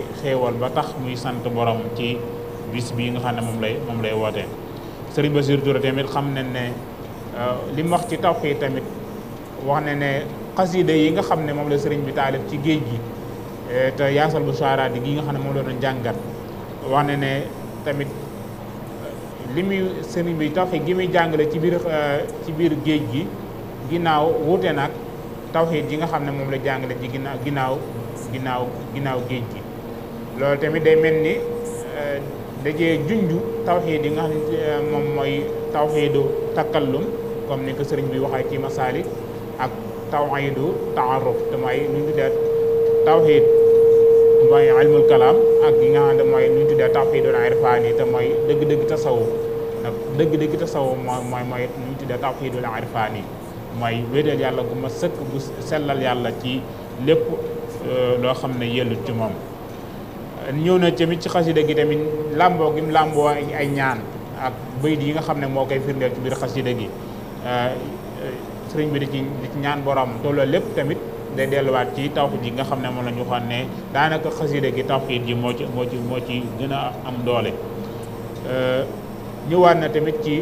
ba tax muy sant borom ci bis bii nga xam ne moom lay moom lay wootee Serigne Bassirou Touré tamit xam ne ne euh, li mu wax ci taw yi tamit wax ne ne xasida yi nga xam ne moom la sëriñ bi taalif ci géej gi euh, te yaasal bu saaraat yi gi nga xam ne moom la doon jàngat wax ne ne tamit euh, li muy sëriñ bi taw gi muy jàngale ci biir ci biir géej gi ginnaaw wuute nag tawxiid yi nga xam ne moom la jàngale ci ginnaaw ginnaaw ginnaaw ginnaaw géej gi loolu tamit day mel ni euh, dajee junj tawxiid yi nga xam ne euh, moom mooy tawxiidu takallum comme ni ko sëriñ bi waxee ci masaalik ak tawxiidu taaruf te mooy lu ñu tuddee tawxiid mooy ilmul kalaam ak yi nga xam ne mooy lu ñu tuddee tawxiidul mooy dëgg-dëgg tasawuf dëgg-dëgg tasawuf mooy mooy mooy lu ñu tuddee tawxiidul irfaani mooy wéetal yàlla gu ma sëkk bu sellal yàlla ci lépp euh, loo xam ne yellut ci moom ñëw na tamit ci xasida gi tamit làmboo gi mu làmboo ay ñaan ak bayit yi nga xam ne moo koy firndeel ci biir xasida gi euh, sëriñ bi di ci ñaan borom te lépp tamit day delluwaat ci taw yi nga xam ne moom la ñu waxoon ne daanaka xasida gi tawxiid ji moo ci moo ci moo ci gën a am doole euh, ñëwaat na tamit ci